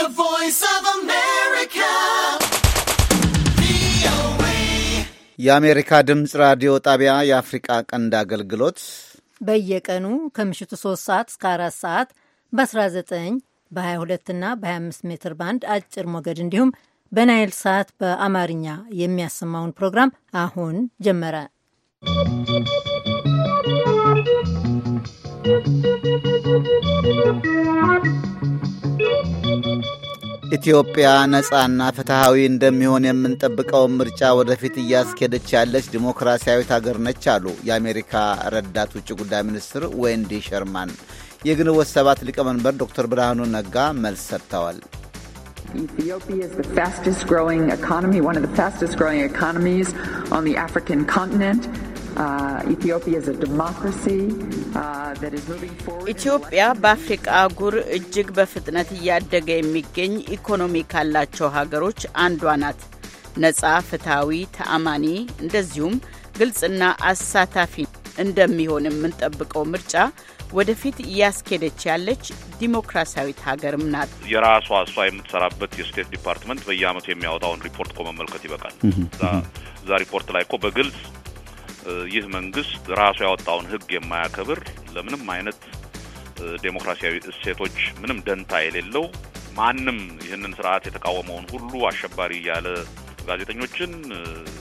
The Voice of America. የአሜሪካ ድምፅ ራዲዮ ጣቢያ የአፍሪቃ ቀንድ አገልግሎት በየቀኑ ከምሽቱ 3 ሰዓት እስከ 4 ሰዓት በ19 በ22 እና በ25 ሜትር ባንድ አጭር ሞገድ እንዲሁም በናይል ሰዓት በአማርኛ የሚያሰማውን ፕሮግራም አሁን ጀመረ። ¶¶ ኢትዮጵያ ነጻና ፍትሐዊ እንደሚሆን የምንጠብቀውን ምርጫ ወደፊት እያስኬደች ያለች ዲሞክራሲያዊት አገር ነች አሉ የአሜሪካ ረዳት ውጭ ጉዳይ ሚኒስትር ዌንዲ ሸርማን። የግንቦት ሰባት ሊቀመንበር ዶክተር ብርሃኑ ነጋ መልስ ሰጥተዋል። Ethiopia is the Uh, uh, ኢትዮጵያ በአፍሪቃ አህጉር እጅግ በፍጥነት እያደገ የሚገኝ ኢኮኖሚ ካላቸው ሀገሮች አንዷ ናት። ነጻ፣ ፍትሐዊ፣ ተአማኒ እንደዚሁም ግልጽና አሳታፊ እንደሚሆን የምንጠብቀው ምርጫ ወደፊት እያስኬደች ያለች ዲሞክራሲያዊት ሀገርም ናት። የራሷ እሷ የምትሰራበት የስቴት ዲፓርትመንት በየዓመቱ የሚያወጣውን ሪፖርት እኮ መመልከት ይበቃል። እዛ ሪፖርት ላይ እኮ በግልጽ ይህ መንግስት ራሱ ያወጣውን ህግ የማያከብር ለምንም አይነት ዴሞክራሲያዊ እሴቶች ምንም ደንታ የሌለው ማንም ይህንን ስርዓት የተቃወመውን ሁሉ አሸባሪ እያለ ጋዜጠኞችን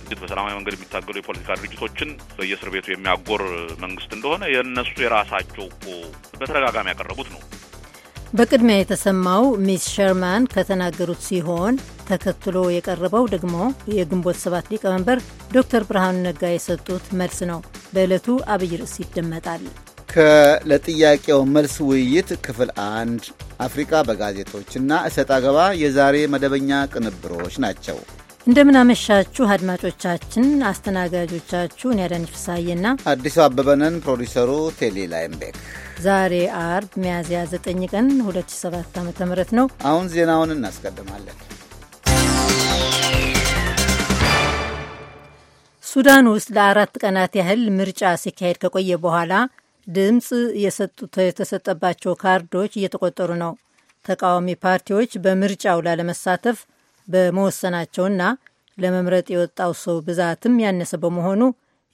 ግት በሰላማዊ መንገድ የሚታገሉ የፖለቲካ ድርጅቶችን በየእስር ቤቱ የሚያጎር መንግስት እንደሆነ የእነሱ የራሳቸው እኮ በተደጋጋሚ ያቀረቡት ነው። በቅድሚያ የተሰማው ሚስ ሸርማን ከተናገሩት ሲሆን ተከትሎ የቀረበው ደግሞ የግንቦት ሰባት ሊቀመንበር ዶክተር ብርሃኑ ነጋ የሰጡት መልስ ነው። በዕለቱ አብይ ርዕስ ይደመጣል። ለጥያቄው መልስ ውይይት ክፍል አንድ አፍሪካ በጋዜጦችና እሰጥ አገባ የዛሬ መደበኛ ቅንብሮች ናቸው። እንደምናመሻችሁ አድማጮቻችን። አስተናጋጆቻችሁ እኔ አዳነች አዲሱ አበበንን፣ ፕሮዲሰሩ ቴሌ ላይምቤክ። ዛሬ አርብ ሚያዝያ 9 ቀን 2007 ዓ.ም ነው። አሁን ዜናውን እናስቀድማለን። ሱዳን ውስጥ ለአራት ቀናት ያህል ምርጫ ሲካሄድ ከቆየ በኋላ ድምፅ የተሰጠባቸው ካርዶች እየተቆጠሩ ነው። ተቃዋሚ ፓርቲዎች በምርጫው ላለመሳተፍ በመወሰናቸውና ለመምረጥ የወጣው ሰው ብዛትም ያነሰ በመሆኑ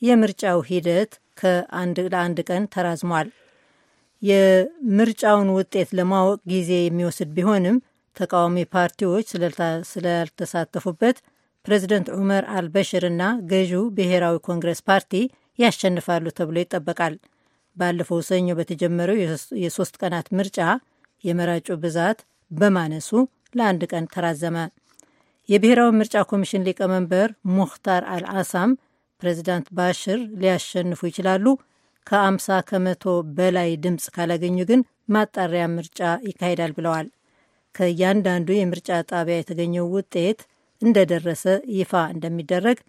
የምርጫው ሂደት ከአንድ ለአንድ ቀን ተራዝሟል። የምርጫውን ውጤት ለማወቅ ጊዜ የሚወስድ ቢሆንም ተቃዋሚ ፓርቲዎች ስላልተሳተፉበት ፕሬዚደንት ዑመር አልበሽር እና ገዢው ብሔራዊ ኮንግረስ ፓርቲ ያሸንፋሉ ተብሎ ይጠበቃል። ባለፈው ሰኞ በተጀመረው የሶስት ቀናት ምርጫ የመራጩ ብዛት በማነሱ ለአንድ ቀን ተራዘመ። የብሔራዊ ምርጫ ኮሚሽን ሊቀመንበር ሙክታር አልአሳም ፕሬዚዳንት ባሽር ሊያሸንፉ ይችላሉ፣ ከአምሳ ከመቶ በላይ ድምፅ ካላገኙ ግን ማጣሪያ ምርጫ ይካሄዳል ብለዋል። ከእያንዳንዱ የምርጫ ጣቢያ የተገኘው ውጤት እንደደረሰ ይፋ እንደሚደረግ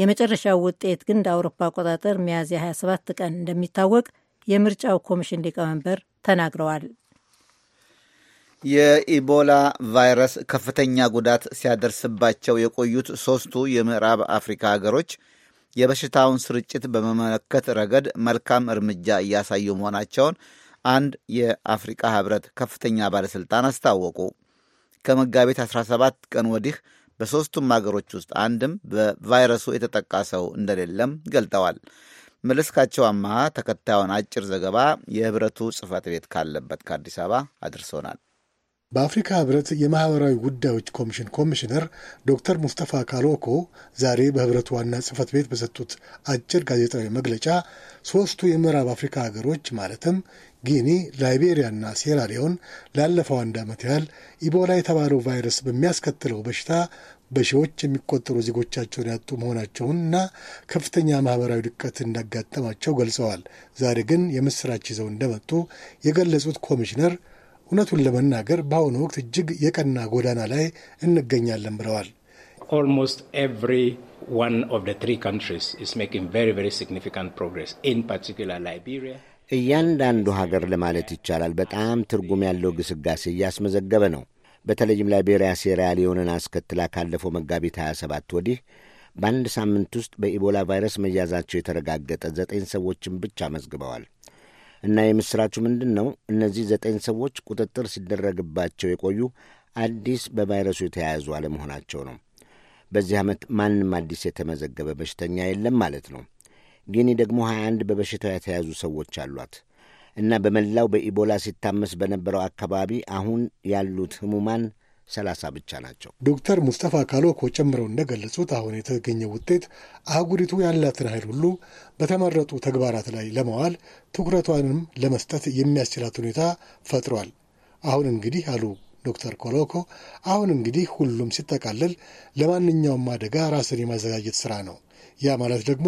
የመጨረሻው ውጤት ግን እንደ አውሮፓ አቆጣጠር ሚያዝያ 27 ቀን እንደሚታወቅ የምርጫው ኮሚሽን ሊቀመንበር ተናግረዋል። የኢቦላ ቫይረስ ከፍተኛ ጉዳት ሲያደርስባቸው የቆዩት ሦስቱ የምዕራብ አፍሪካ ሀገሮች የበሽታውን ስርጭት በመመለከት ረገድ መልካም እርምጃ እያሳዩ መሆናቸውን አንድ የአፍሪካ ህብረት ከፍተኛ ባለሥልጣን አስታወቁ። ከመጋቢት 17 ቀን ወዲህ በሦስቱም ሀገሮች ውስጥ አንድም በቫይረሱ የተጠቃ ሰው እንደሌለም ገልጠዋል። መለስካቸው አማሃ ተከታዩን አጭር ዘገባ የህብረቱ ጽህፈት ቤት ካለበት ከአዲስ አበባ አድርሶናል። በአፍሪካ ህብረት የማህበራዊ ጉዳዮች ኮሚሽን ኮሚሽነር ዶክተር ሙስተፋ ካሎኮ ዛሬ በህብረቱ ዋና ጽህፈት ቤት በሰጡት አጭር ጋዜጣዊ መግለጫ ሦስቱ የምዕራብ አፍሪካ ሀገሮች ማለትም ጊኒ፣ ላይቤሪያና ሴራሊዮን ላለፈው አንድ ዓመት ያህል ኢቦላ የተባለው ቫይረስ በሚያስከትለው በሽታ በሺዎች የሚቆጠሩ ዜጎቻቸውን ያጡ መሆናቸውንና ከፍተኛ ማህበራዊ ድቀት እንዳጋጠማቸው ገልጸዋል። ዛሬ ግን የምስራች ይዘው እንደመጡ የገለጹት ኮሚሽነር እውነቱን ለመናገር በአሁኑ ወቅት እጅግ የቀና ጎዳና ላይ እንገኛለን ብለዋል። ኦልሞስት ኤቭሪ ዋን ኦፍ ዘ ትሪ ካንትሪስ ኢዝ ሜኪንግ ቬሪ ቬሪ ሲግኒፊካንት ፕሮግሬስ ኢን ፓርቲኩላር ላይቤሪያ እያንዳንዱ ሀገር ለማለት ይቻላል በጣም ትርጉም ያለው ግስጋሴ እያስመዘገበ ነው። በተለይም ላይቤሪያ ሊዮንን አስከትላ ካለፈው መጋቢት 27 ወዲህ በአንድ ሳምንት ውስጥ በኢቦላ ቫይረስ መያዛቸው የተረጋገጠ ዘጠኝ ሰዎችን ብቻ መዝግበዋል። እና የምሥራቹ ምንድን ነው? እነዚህ ዘጠኝ ሰዎች ቁጥጥር ሲደረግባቸው የቆዩ አዲስ በቫይረሱ የተያያዙ አለመሆናቸው ነው። በዚህ ዓመት ማንም አዲስ የተመዘገበ በሽተኛ የለም ማለት ነው። ጊኒ ደግሞ 21 በበሽታው የተያዙ ሰዎች አሏት እና በመላው በኢቦላ ሲታመስ በነበረው አካባቢ አሁን ያሉት ህሙማን 30 ብቻ ናቸው። ዶክተር ሙስጠፋ ካሎኮ ጨምረው እንደገለጹት አሁን የተገኘው ውጤት አህጉሪቱ ያላትን ኃይል ሁሉ በተመረጡ ተግባራት ላይ ለመዋል ትኩረቷንም ለመስጠት የሚያስችላት ሁኔታ ፈጥሯል። አሁን እንግዲህ አሉ ዶክተር ኮሎኮ አሁን እንግዲህ ሁሉም ሲጠቃለል ለማንኛውም አደጋ ራስን የማዘጋጀት ስራ ነው። ያ ማለት ደግሞ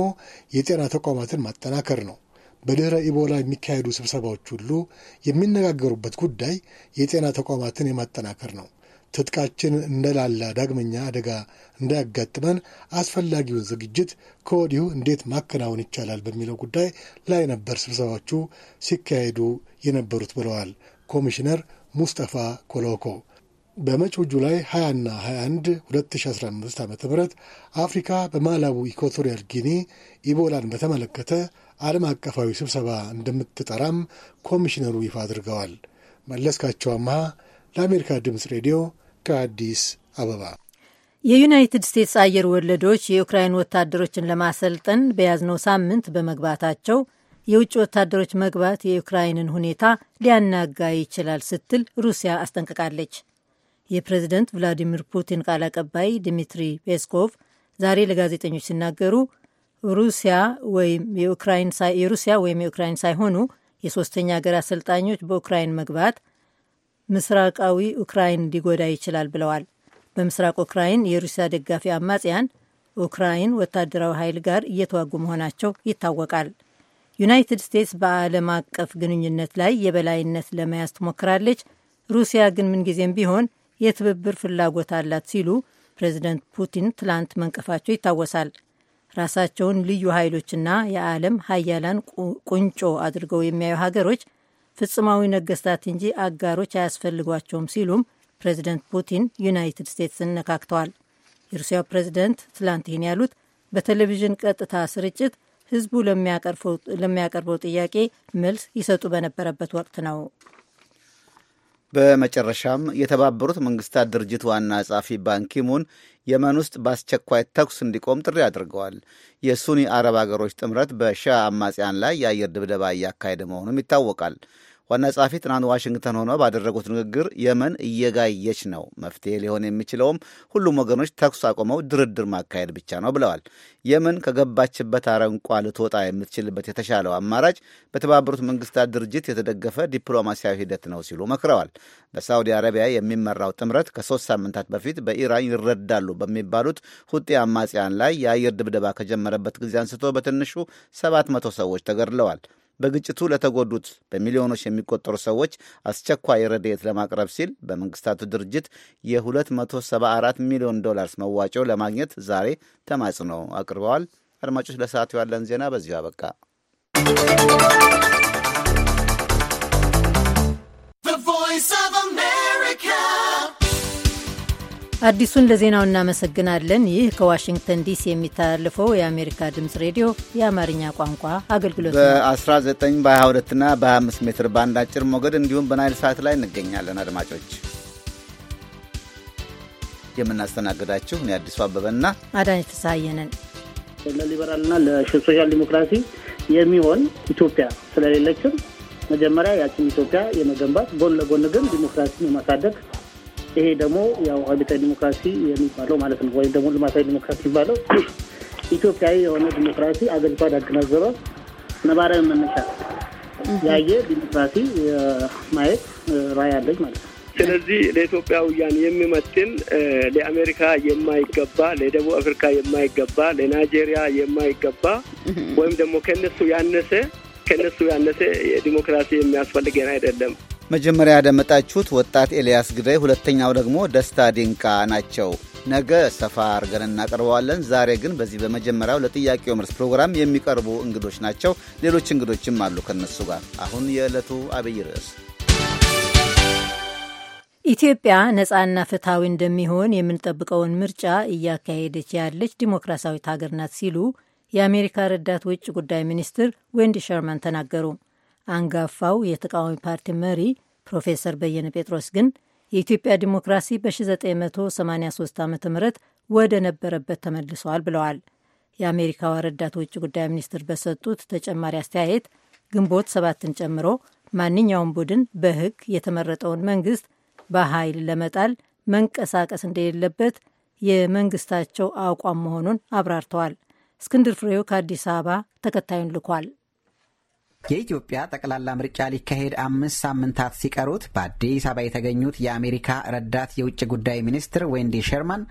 የጤና ተቋማትን ማጠናከር ነው። በድኅረ ኢቦላ የሚካሄዱ ስብሰባዎች ሁሉ የሚነጋገሩበት ጉዳይ የጤና ተቋማትን የማጠናከር ነው። ትጥቃችን እንደላላ ዳግመኛ አደጋ እንዳያጋጥመን አስፈላጊውን ዝግጅት ከወዲሁ እንዴት ማከናወን ይቻላል በሚለው ጉዳይ ላይ ነበር ስብሰባዎቹ ሲካሄዱ የነበሩት ብለዋል ኮሚሽነር ሙስጠፋ ኮሎኮ። በመጪው ጁላይ 20ና 21 2015 ዓ ም አፍሪካ በማላዊ ኢኳቶሪያል ጊኒ ኢቦላን በተመለከተ ዓለም አቀፋዊ ስብሰባ እንደምትጠራም ኮሚሽነሩ ይፋ አድርገዋል። መለስካቸው አመሃ ለአሜሪካ ድምፅ ሬዲዮ ከአዲስ አበባ። የዩናይትድ ስቴትስ አየር ወለዶች የዩክራይን ወታደሮችን ለማሰልጠን በያዝነው ሳምንት በመግባታቸው የውጭ ወታደሮች መግባት የዩክራይንን ሁኔታ ሊያናጋ ይችላል ስትል ሩሲያ አስጠንቅቃለች። የፕሬዝደንት ቭላዲሚር ፑቲን ቃል አቀባይ ድሚትሪ ፔስኮቭ ዛሬ ለጋዜጠኞች ሲናገሩ ሩሲያ ወይም የሩሲያ ወይም የዩክራይን ሳይሆኑ የሶስተኛ ሀገር አሰልጣኞች በዩክራይን መግባት ምስራቃዊ ኡክራይን ሊጎዳ ይችላል ብለዋል። በምስራቅ ኡክራይን የሩሲያ ደጋፊ አማጽያን ኡክራይን ወታደራዊ ኃይል ጋር እየተዋጉ መሆናቸው ይታወቃል። ዩናይትድ ስቴትስ በዓለም አቀፍ ግንኙነት ላይ የበላይነት ለመያዝ ትሞክራለች፣ ሩሲያ ግን ምንጊዜም ቢሆን የትብብር ፍላጎት አላት ሲሉ ፕሬዚደንት ፑቲን ትላንት መንቀፋቸው ይታወሳል። ራሳቸውን ልዩ ኃይሎችና የዓለም ሀያላን ቁንጮ አድርገው የሚያዩ ሀገሮች ፍጹማዊ ነገስታት እንጂ አጋሮች አያስፈልጓቸውም ሲሉም ፕሬዚደንት ፑቲን ዩናይትድ ስቴትስ ነካክተዋል። የሩሲያው ፕሬዚደንት ትላንት ይህን ያሉት በቴሌቪዥን ቀጥታ ስርጭት ህዝቡ ለሚያቀርበው ጥያቄ መልስ ይሰጡ በነበረበት ወቅት ነው። በመጨረሻም የተባበሩት መንግስታት ድርጅት ዋና ጸሐፊ ባንኪሙን የመን ውስጥ በአስቸኳይ ተኩስ እንዲቆም ጥሪ አድርገዋል። የሱኒ አረብ አገሮች ጥምረት በሻ አማጽያን ላይ የአየር ድብደባ እያካሄደ መሆኑም ይታወቃል። ዋና ጸሐፊ ትናንት ዋሽንግተን ሆኖ ባደረጉት ንግግር የመን እየጋየች ነው፣ መፍትሄ ሊሆን የሚችለውም ሁሉም ወገኖች ተኩስ አቁመው ድርድር ማካሄድ ብቻ ነው ብለዋል። የመን ከገባችበት አረንቋ ልትወጣ የምትችልበት የተሻለው አማራጭ በተባበሩት መንግስታት ድርጅት የተደገፈ ዲፕሎማሲያዊ ሂደት ነው ሲሉ መክረዋል። በሳዑዲ አረቢያ የሚመራው ጥምረት ከሶስት ሳምንታት በፊት በኢራን ይረዳሉ በሚባሉት ሁጤ አማጽያን ላይ የአየር ድብደባ ከጀመረበት ጊዜ አንስቶ በትንሹ ሰባት መቶ ሰዎች ተገድለዋል። በግጭቱ ለተጎዱት በሚሊዮኖች የሚቆጠሩ ሰዎች አስቸኳይ ረድኤት ለማቅረብ ሲል በመንግስታቱ ድርጅት የ274 ሚሊዮን ዶላርስ መዋጮ ለማግኘት ዛሬ ተማጽኖ አቅርበዋል። አድማጮች፣ ለሰዓቱ ያለን ዜና በዚሁ አበቃ። አዲሱን ለዜናው እናመሰግናለን። ይህ ከዋሽንግተን ዲሲ የሚተላለፈው የአሜሪካ ድምፅ ሬዲዮ የአማርኛ ቋንቋ አገልግሎት ነው። በ19 በ22ና በ25 ሜትር ባንድ አጭር ሞገድ እንዲሁም በናይል ሰዓት ላይ እንገኛለን። አድማጮች የምናስተናግዳችሁ እኔ አዲሱ አበበና አዳኝ ፍስሐዬ ነን። ለሊበራልና ለሶሻል ዲሞክራሲ የሚሆን ኢትዮጵያ ስለሌለችም መጀመሪያ ያችን ኢትዮጵያ የመገንባት ጎን ለጎን ግን ዲሞክራሲን የማሳደግ ይሄ ደግሞ ያው አብዮታዊ ዲሞክራሲ የሚባለው ማለት ነው ወይም ደግሞ ልማታዊ ዲሞክራሲ የሚባለው ኢትዮጵያዊ የሆነ ዲሞክራሲ አገሪቷ ያገናዘበ ነባራዊ መነሻ ያየ ዲሞክራሲ ማየት ራይ አለኝ ማለት ነው። ስለዚህ ለኢትዮጵያውያን የሚመጥን ለአሜሪካ የማይገባ ለደቡብ አፍሪካ የማይገባ ለናይጄሪያ የማይገባ ወይም ደግሞ ከነሱ ያነሰ ከነሱ ያነሰ ዲሞክራሲ የሚያስፈልገን አይደለም። መጀመሪያ ያደመጣችሁት ወጣት ኤልያስ ግዳይ፣ ሁለተኛው ደግሞ ደስታ ዲንቃ ናቸው። ነገ ሰፋ አድርገን እናቀርበዋለን። ዛሬ ግን በዚህ በመጀመሪያው ለጥያቄው መልስ ፕሮግራም የሚቀርቡ እንግዶች ናቸው። ሌሎች እንግዶችም አሉ ከነሱ ጋር። አሁን የዕለቱ አብይ ርዕስ ኢትዮጵያ ነፃና ፍትሐዊ እንደሚሆን የምንጠብቀውን ምርጫ እያካሄደች ያለች ዲሞክራሲያዊት ሀገር ናት ሲሉ የአሜሪካ ረዳት ውጭ ጉዳይ ሚኒስትር ዌንዲ ሸርማን ተናገሩ። አንጋፋው የተቃዋሚ ፓርቲ መሪ ፕሮፌሰር በየነ ጴጥሮስ ግን የኢትዮጵያ ዲሞክራሲ በ1983 ዓ ም ወደ ነበረበት ተመልሰዋል ብለዋል። የአሜሪካ ረዳት ውጭ ጉዳይ ሚኒስትር በሰጡት ተጨማሪ አስተያየት ግንቦት ሰባትን ጨምሮ ማንኛውም ቡድን በሕግ የተመረጠውን መንግስት በኃይል ለመጣል መንቀሳቀስ እንደሌለበት የመንግስታቸው አቋም መሆኑን አብራርተዋል። እስክንድር ፍሬው ከአዲስ አበባ ተከታዩን ልኳል። የኢትዮጵያ ጠቅላላ ምርጫ ሊካሄድ አምስት ሳምንታት ሲቀሩት በአዲስ አበባ የተገኙት የአሜሪካ ረዳት የውጭ ጉዳይ ሚኒስትር ዌንዲ ሸርማን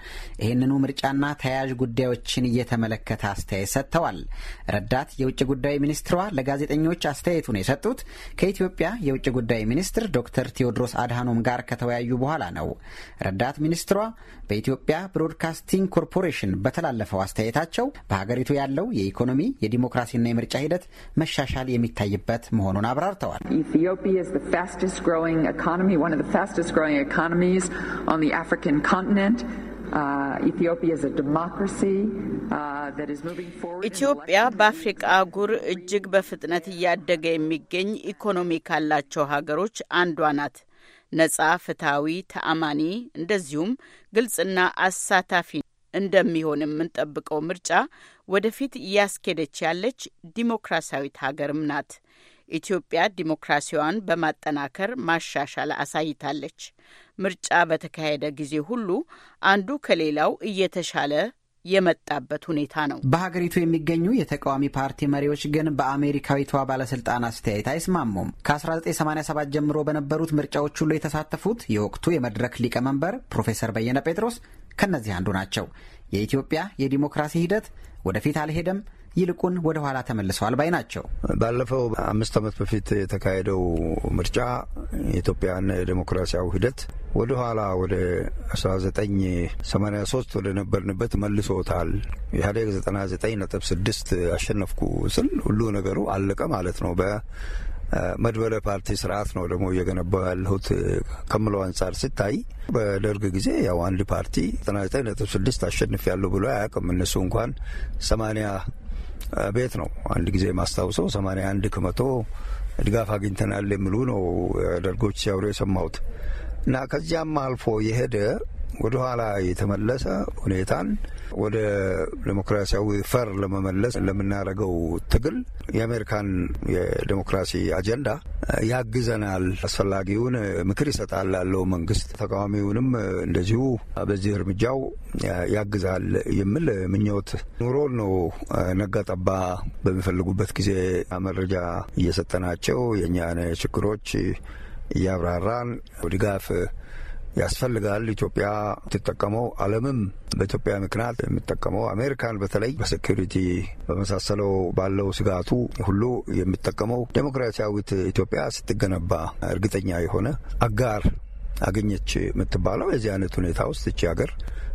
ይህንኑ ምርጫና ተያያዥ ጉዳዮችን እየተመለከተ አስተያየት ሰጥተዋል። ረዳት የውጭ ጉዳይ ሚኒስትሯ ለጋዜጠኞች አስተያየቱን የሰጡት ከኢትዮጵያ የውጭ ጉዳይ ሚኒስትር ዶክተር ቴዎድሮስ አድሃኖም ጋር ከተወያዩ በኋላ ነው። ረዳት ሚኒስትሯ በኢትዮጵያ ብሮድካስቲንግ ኮርፖሬሽን በተላለፈው አስተያየታቸው በሀገሪቱ ያለው የኢኮኖሚ የዲሞክራሲና የምርጫ ሂደት መሻሻል የሚታ የሚታይበት መሆኑን አብራርተዋል። ኢትዮጵያ uh, uh, በአፍሪቃ አህጉር እጅግ በፍጥነት እያደገ የሚገኝ ኢኮኖሚ ካላቸው ሀገሮች አንዷ ናት። ነጻ፣ ፍትሐዊ፣ ተአማኒ እንደዚሁም ግልጽና አሳታፊ እንደሚሆን የምንጠብቀው ምርጫ ወደፊት እያስኬደች ያለች ዲሞክራሲያዊት ሀገርም ናት። ኢትዮጵያ ዲሞክራሲዋን በማጠናከር ማሻሻል አሳይታለች። ምርጫ በተካሄደ ጊዜ ሁሉ አንዱ ከሌላው እየተሻለ የመጣበት ሁኔታ ነው። በሀገሪቱ የሚገኙ የተቃዋሚ ፓርቲ መሪዎች ግን በአሜሪካዊቷ ባለስልጣን አስተያየት አይስማሙም። ከ1987 ጀምሮ በነበሩት ምርጫዎች ሁሉ የተሳተፉት የወቅቱ የመድረክ ሊቀመንበር ፕሮፌሰር በየነ ጴጥሮስ ከእነዚህ አንዱ ናቸው። የኢትዮጵያ የዲሞክራሲ ሂደት ወደፊት አልሄደም፣ ይልቁን ወደ ኋላ ተመልሰዋል ባይ ናቸው። ባለፈው አምስት ዓመት በፊት የተካሄደው ምርጫ የኢትዮጵያን ዴሞክራሲያዊ ሂደት ወደ ኋላ ወደ 1983 ወደ ነበርንበት መልሶታል። ኢህአዴግ 99 ነጥብ 6 አሸነፍኩ ስል ሁሉ ነገሩ አለቀ ማለት ነው በ መድበለ ፓርቲ ስርዓት ነው ደግሞ እየገነባው ያለሁት ከምለው አንጻር ሲታይ በደርግ ጊዜ ያው አንድ ፓርቲ ዘጠና ዘጠኝ ነጥብ ስድስት አሸንፍ ያለው ብሎ አያውቅም። እነሱ እንኳን ሰማኒያ ቤት ነው አንድ ጊዜ ማስታውሰው ሰማኒያ አንድ ከመቶ ድጋፍ አግኝተናል የሚሉ ነው ደርጎች ሲያወሩ የሰማሁት እና ከዚያም አልፎ የሄደ ወደኋላ የተመለሰ ሁኔታን ወደ ዴሞክራሲያዊ ፈር ለመመለስ ለምናደርገው ትግል የአሜሪካን የዴሞክራሲ አጀንዳ ያግዘናል፣ አስፈላጊውን ምክር ይሰጣል ላለው መንግስት፣ ተቃዋሚውንም እንደዚሁ በዚህ እርምጃው ያግዛል የሚል ምኞት ኑሮን ነው። ነጋጠባ በሚፈልጉበት ጊዜ መረጃ እየሰጠናቸው የእኛን ችግሮች እያብራራን ድጋፍ ያስፈልጋል። ኢትዮጵያ የምትጠቀመው አለምም በኢትዮጵያ ምክንያት የሚጠቀመው አሜሪካን በተለይ በሴኪሪቲ በመሳሰለው ባለው ስጋቱ ሁሉ የሚጠቀመው ዴሞክራሲያዊት ኢትዮጵያ ስትገነባ እርግጠኛ የሆነ አጋር አገኘች የምትባለው የዚህ አይነት ሁኔታ ውስጥ እቺ ሀገር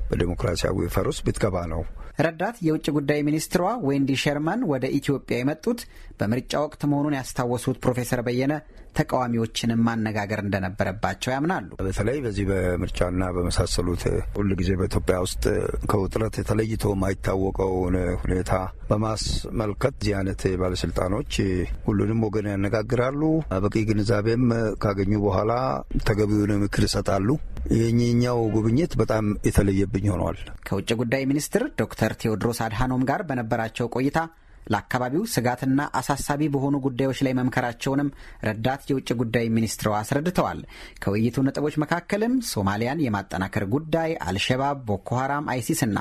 በዴሞክራሲያዊ ፈሩስ ብትገባ ነው ረዳት የውጭ ጉዳይ ሚኒስትሯ ዌንዲ ሸርማን ወደ ኢትዮጵያ የመጡት በምርጫ ወቅት መሆኑን ያስታወሱት ፕሮፌሰር በየነ ተቃዋሚዎችንም ማነጋገር እንደነበረባቸው ያምናሉ። በተለይ በዚህ በምርጫና በመሳሰሉት ሁል ጊዜ በኢትዮጵያ ውስጥ ከውጥረት ተለይቶ የማይታወቀውን ሁኔታ በማስመልከት እዚህ አይነት ባለስልጣኖች ሁሉንም ወገን ያነጋግራሉ። በቂ ግንዛቤም ካገኙ በኋላ ተገቢውን ምክር ይሰጣሉ። የኛው ጉብኝት በጣም የተለየብኝ ሆኗል። ከውጭ ጉዳይ ሚኒስትር ዶክተር ዶክተር ቴዎድሮስ አድሃኖም ጋር በነበራቸው ቆይታ ለአካባቢው ስጋትና አሳሳቢ በሆኑ ጉዳዮች ላይ መምከራቸውንም ረዳት የውጭ ጉዳይ ሚኒስትሯ አስረድተዋል። ከውይይቱ ነጥቦች መካከልም ሶማሊያን የማጠናከር ጉዳይ፣ አልሸባብ፣ ቦኮ ሀራም፣ አይሲስና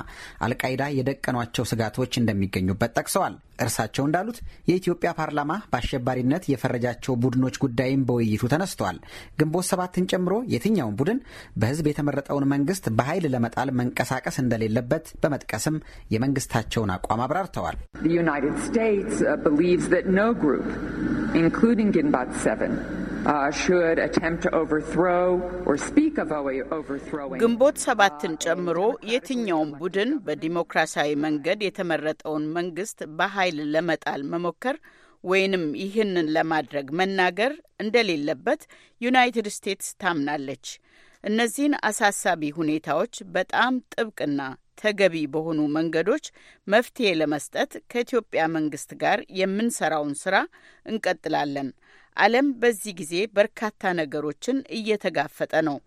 አልቃይዳ የደቀኗቸው ስጋቶች እንደሚገኙበት ጠቅሰዋል። እርሳቸው እንዳሉት የኢትዮጵያ ፓርላማ በአሸባሪነት የፈረጃቸው ቡድኖች ጉዳይም በውይይቱ ተነስቷል። ግንቦት ሰባትን ጨምሮ የትኛውን ቡድን በሕዝብ የተመረጠውን መንግስት በኃይል ለመጣል መንቀሳቀስ እንደሌለበት በመጥቀስም የመንግስታቸውን አቋም አብራርተዋል። ዩናይትድ ስቴትስ Uh, ግንቦት ሰባትን ጨምሮ የትኛውም ቡድን በዲሞክራሲያዊ መንገድ የተመረጠውን መንግስት በኃይል ለመጣል መሞከር ወይንም ይህንን ለማድረግ መናገር እንደሌለበት ዩናይትድ ስቴትስ ታምናለች። እነዚህን አሳሳቢ ሁኔታዎች በጣም ጥብቅና ተገቢ በሆኑ መንገዶች መፍትሄ ለመስጠት ከኢትዮጵያ መንግስት ጋር የምንሰራውን ስራ እንቀጥላለን። ዓለም በዚህ ጊዜ በርካታ ነገሮችን እየተጋፈጠ ነው።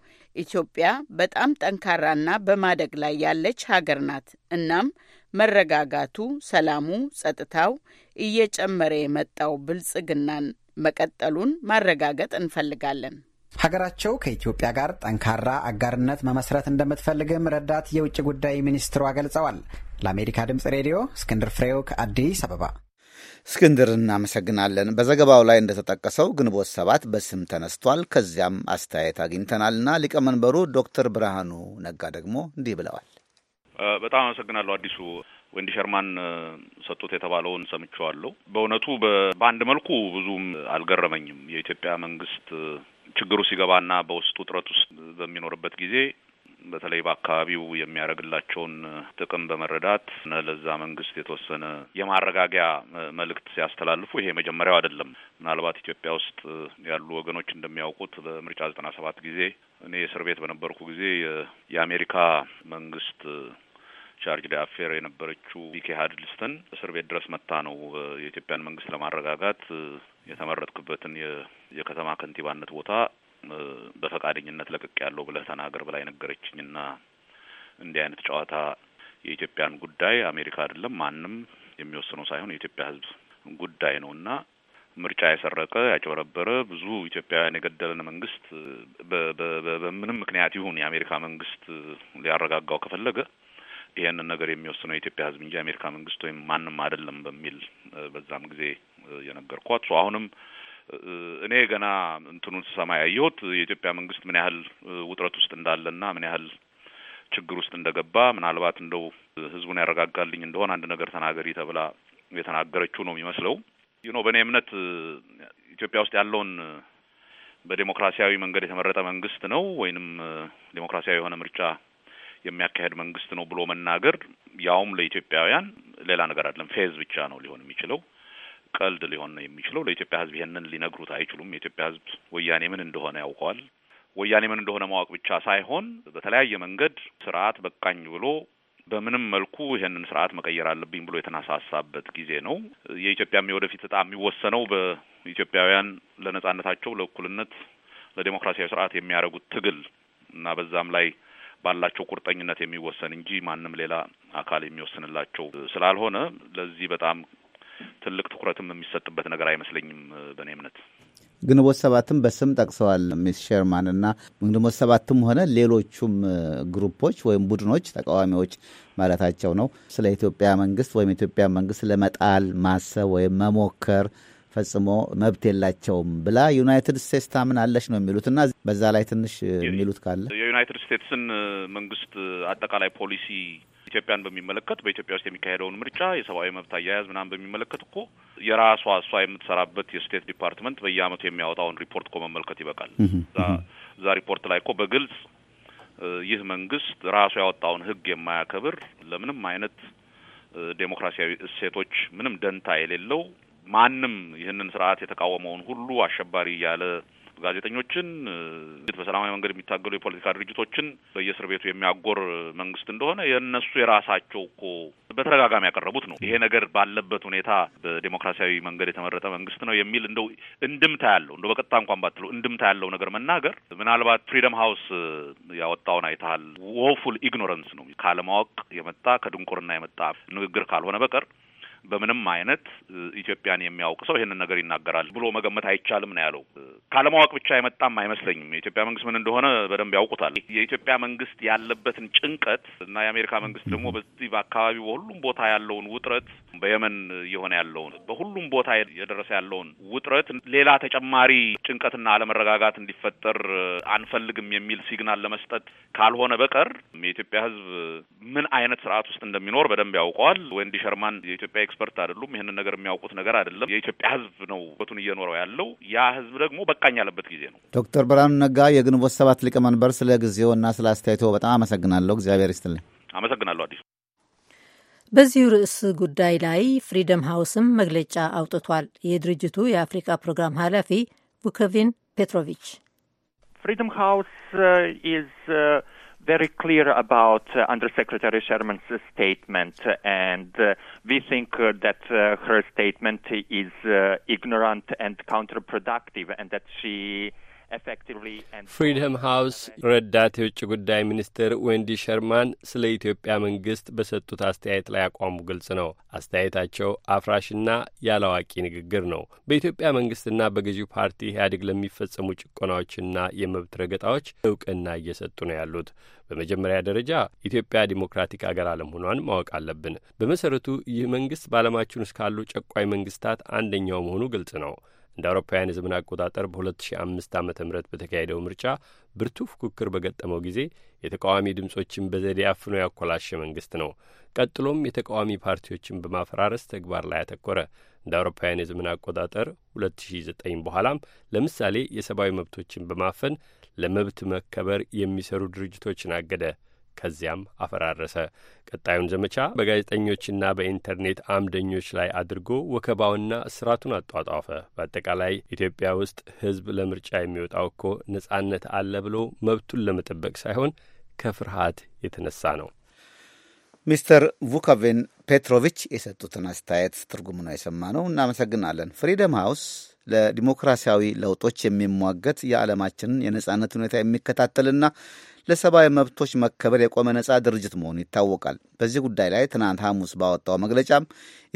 ኢትዮጵያ በጣም ጠንካራና በማደግ ላይ ያለች ሀገር ናት። እናም መረጋጋቱ፣ ሰላሙ፣ ጸጥታው እየጨመረ የመጣው ብልጽግናን መቀጠሉን ማረጋገጥ እንፈልጋለን። ሀገራቸው ከኢትዮጵያ ጋር ጠንካራ አጋርነት መመስረት እንደምትፈልግም ረዳት የውጭ ጉዳይ ሚኒስትሯ ገልጸዋል። ለአሜሪካ ድምጽ ሬዲዮ እስክንድር ፍሬው ከአዲስ አበባ እስክንድር እናመሰግናለን። በዘገባው ላይ እንደተጠቀሰው ግንቦት ሰባት በስም ተነስቷል። ከዚያም አስተያየት አግኝተናልና ሊቀመንበሩ ዶክተር ብርሃኑ ነጋ ደግሞ እንዲህ ብለዋል። በጣም አመሰግናለሁ አዲሱ ወንዲ ሸርማን ሰጡት የተባለውን ሰምቸዋለሁ። በእውነቱ በአንድ መልኩ ብዙም አልገረመኝም። የኢትዮጵያ መንግስት ችግሩ ሲገባና በውስጡ ውጥረት ውስጥ በሚኖርበት ጊዜ በተለይ በአካባቢው የሚያደርግላቸውን ጥቅም በመረዳት ለዛ መንግስት የተወሰነ የማረጋጊያ መልእክት ሲያስተላልፉ ይሄ መጀመሪያው አይደለም። ምናልባት ኢትዮጵያ ውስጥ ያሉ ወገኖች እንደሚያውቁት በምርጫ ዘጠና ሰባት ጊዜ እኔ እስር ቤት በነበርኩ ጊዜ የአሜሪካ መንግስት ቻርጅ አፌር የነበረችው ቪኬ ሀድልስተን እስር ቤት ድረስ መታ ነው የኢትዮጵያን መንግስት ለማረጋጋት የተመረጥክበትን የከተማ ከንቲባነት ቦታ በፈቃደኝነት ለቅቅ ያለው ብለህ ተናገር ብላ የነገረችኝና እንዲህ አይነት ጨዋታ የኢትዮጵያን ጉዳይ አሜሪካ አይደለም ማንም የሚወስነው ሳይሆን የኢትዮጵያ ሕዝብ ጉዳይ ነው እና ምርጫ የሰረቀ ያጭበረበረ ብዙ ኢትዮጵያውያን የገደለን መንግስት በምንም ምክንያት ይሁን የአሜሪካ መንግስት ሊያረጋጋው ከፈለገ ይሄንን ነገር የሚወስነው የኢትዮጵያ ህዝብ እንጂ የአሜሪካ መንግስት ወይም ማንም አይደለም በሚል በዛም ጊዜ የነገርኳት አሁንም እኔ ገና እንትኑን ስሰማ ያየሁት የኢትዮጵያ መንግስት ምን ያህል ውጥረት ውስጥ እንዳለና ምን ያህል ችግር ውስጥ እንደገባ ምናልባት እንደው ህዝቡን ያረጋጋልኝ እንደሆን አንድ ነገር ተናገሪ ተብላ የተናገረችው ነው የሚመስለው። ዩኖ በእኔ እምነት ኢትዮጵያ ውስጥ ያለውን በዴሞክራሲያዊ መንገድ የተመረጠ መንግስት ነው ወይንም ዴሞክራሲያዊ የሆነ ምርጫ የሚያካሄድ መንግስት ነው ብሎ መናገር ያውም ለኢትዮጵያውያን ሌላ ነገር አይደለም፣ ፌዝ ብቻ ነው ሊሆን የሚችለው። ቀልድ ሊሆን ነው የሚችለው። ለኢትዮጵያ ሕዝብ ይሄንን ሊነግሩት አይችሉም። የኢትዮጵያ ሕዝብ ወያኔ ምን እንደሆነ ያውቀዋል። ወያኔ ምን እንደሆነ ማወቅ ብቻ ሳይሆን በተለያየ መንገድ ስርዓት በቃኝ ብሎ በምንም መልኩ ይህንን ስርዓት መቀየር አለብኝ ብሎ የተነሳሳበት ጊዜ ነው። የኢትዮጵያም የወደፊት እጣ የሚወሰነው በኢትዮጵያውያን ለነጻነታቸው፣ ለእኩልነት፣ ለዴሞክራሲያዊ ስርዓት የሚያደርጉት ትግል እና በዛም ላይ ባላቸው ቁርጠኝነት የሚወሰን እንጂ ማንም ሌላ አካል የሚወስንላቸው ስላልሆነ ለዚህ በጣም ትልቅ ትኩረትም የሚሰጥበት ነገር አይመስለኝም በእኔ እምነት። ግንቦት ሰባትም በስም ጠቅሰዋል ሚስ ሸርማን እና ግንቦት ሰባትም ሆነ ሌሎቹም ግሩፖች ወይም ቡድኖች ተቃዋሚዎች ማለታቸው ነው ስለ ኢትዮጵያ መንግስት ወይም ኢትዮጵያ መንግስት ለመጣል ማሰብ ወይም መሞከር ፈጽሞ መብት የላቸውም ብላ ዩናይትድ ስቴትስ ታምናለች ነው የሚሉት እና በዛ ላይ ትንሽ የሚሉት ካለ የዩናይትድ ስቴትስን መንግስት አጠቃላይ ፖሊሲ ኢትዮጵያን በሚመለከት በኢትዮጵያ ውስጥ የሚካሄደውን ምርጫ የሰብአዊ መብት አያያዝ ምናምን በሚመለከት እኮ የራሷ እሷ የምትሰራበት የስቴት ዲፓርትመንት በየዓመቱ የሚያወጣውን ሪፖርት እኮ መመልከት ይበቃል። እዛ ሪፖርት ላይ እኮ በግልጽ ይህ መንግስት ራሱ ያወጣውን ህግ የማያከብር ለምንም አይነት ዴሞክራሲያዊ እሴቶች ምንም ደንታ የሌለው ማንም ይህንን ስርዓት የተቃወመውን ሁሉ አሸባሪ እያለ ጋዜጠኞችን፣ በሰላማዊ መንገድ የሚታገሉ የፖለቲካ ድርጅቶችን በየእስር ቤቱ የሚያጎር መንግስት እንደሆነ የእነሱ የራሳቸው እኮ በተደጋጋሚ ያቀረቡት ነው። ይሄ ነገር ባለበት ሁኔታ በዴሞክራሲያዊ መንገድ የተመረጠ መንግስት ነው የሚል እንደው እንድምታ ያለው እንደው በቀጥታ እንኳን ባትለው እንድምታ ያለው ነገር መናገር ምናልባት ፍሪደም ሀውስ ያወጣውን አይተሃል። ወፉል ኢግኖረንስ ነው፣ ካለማወቅ የመጣ ከድንቁርና የመጣ ንግግር ካልሆነ በቀር በምንም አይነት ኢትዮጵያን የሚያውቅ ሰው ይህንን ነገር ይናገራል ብሎ መገመት አይቻልም ነው ያለው። ካለማወቅ ብቻ አይመጣም አይመስለኝም። የኢትዮጵያ መንግስት ምን እንደሆነ በደንብ ያውቁታል። የኢትዮጵያ መንግስት ያለበትን ጭንቀት እና የአሜሪካ መንግስት ደግሞ በዚህ በአካባቢ በሁሉም ቦታ ያለውን ውጥረት፣ በየመን እየሆነ ያለውን በሁሉም ቦታ የደረሰ ያለውን ውጥረት ሌላ ተጨማሪ ጭንቀትና አለመረጋጋት እንዲፈጠር አንፈልግም የሚል ሲግናል ለመስጠት ካልሆነ በቀር የኢትዮጵያ ሕዝብ ምን አይነት ስርዓት ውስጥ እንደሚኖር በደንብ ያውቀዋል። ወንዲ ሸርማን የኢትዮጵያ ኤክስፐርት አይደሉም። ይህንን ነገር የሚያውቁት ነገር አይደለም። የኢትዮጵያ ህዝብ ነው ወቱን እየኖረው ያለው። ያ ህዝብ ደግሞ በቃኝ ያለበት ጊዜ ነው። ዶክተር ብርሃኑ ነጋ የግንቦት ሰባት ሊቀመንበር፣ ስለ ጊዜው እና ስለ አስተያየቶ በጣም አመሰግናለሁ። እግዚአብሔር ይስጥልኝ። አመሰግናለሁ አዲሱ። በዚሁ ርዕስ ጉዳይ ላይ ፍሪደም ሃውስም መግለጫ አውጥቷል። የድርጅቱ የአፍሪካ ፕሮግራም ኃላፊ ቡኮቪን ፔትሮቪች ፍሪደም ሃውስ ኢዝ very clear about uh, Undersecretary Sherman's statement, uh, and uh, we think uh, that uh, her statement is uh, ignorant and counterproductive, and that she ፍሪደም ሀውስ ረዳት የውጭ ጉዳይ ሚኒስትር ዌንዲ ሸርማን ስለ ኢትዮጵያ መንግስት በሰጡት አስተያየት ላይ አቋሙ ግልጽ ነው። አስተያየታቸው አፍራሽና ያለዋቂ ንግግር ነው። በኢትዮጵያ መንግስትና በገዢው ፓርቲ ኢህአዴግ ለሚፈጸሙ ጭቆናዎችና የመብት ረገጣዎች እውቅና እየሰጡ ነው ያሉት። በመጀመሪያ ደረጃ ኢትዮጵያ ዲሞክራቲክ አገር አለመሆኗን ማወቅ አለብን። በመሰረቱ ይህ መንግስት በዓለማችን ውስጥ ካሉ ጨቋኝ መንግስታት አንደኛው መሆኑ ግልጽ ነው። እንደ አውሮፓውያን የዘመን አቆጣጠር በ2005 ዓ ም በተካሄደው ምርጫ ብርቱ ፉክክር በገጠመው ጊዜ የተቃዋሚ ድምጾችን በዘዴ አፍኖ ያኮላሸ መንግስት ነው። ቀጥሎም የተቃዋሚ ፓርቲዎችን በማፈራረስ ተግባር ላይ ያተኮረ እንደ አውሮፓውያን የዘመን አቆጣጠር 2009 በኋላም ለምሳሌ የሰብአዊ መብቶችን በማፈን ለመብት መከበር የሚሰሩ ድርጅቶችን አገደ። ከዚያም አፈራረሰ። ቀጣዩን ዘመቻ በጋዜጠኞችና በኢንተርኔት አምደኞች ላይ አድርጎ ወከባውና እስራቱን አጧጧፈ። በአጠቃላይ ኢትዮጵያ ውስጥ ሕዝብ ለምርጫ የሚወጣው እኮ ነጻነት አለ ብሎ መብቱን ለመጠበቅ ሳይሆን ከፍርሃት የተነሳ ነው። ሚስተር ቩካቬን ፔትሮቪች የሰጡትን አስተያየት ትርጉም ነው የሰማ ነው። እናመሰግናለን። ፍሪደም ሃውስ ለዲሞክራሲያዊ ለውጦች የሚሟገት የዓለማችንን የነጻነት ሁኔታ የሚከታተልና ለሰብአዊ መብቶች መከበር የቆመ ነፃ ድርጅት መሆኑ ይታወቃል። በዚህ ጉዳይ ላይ ትናንት ሐሙስ ባወጣው መግለጫም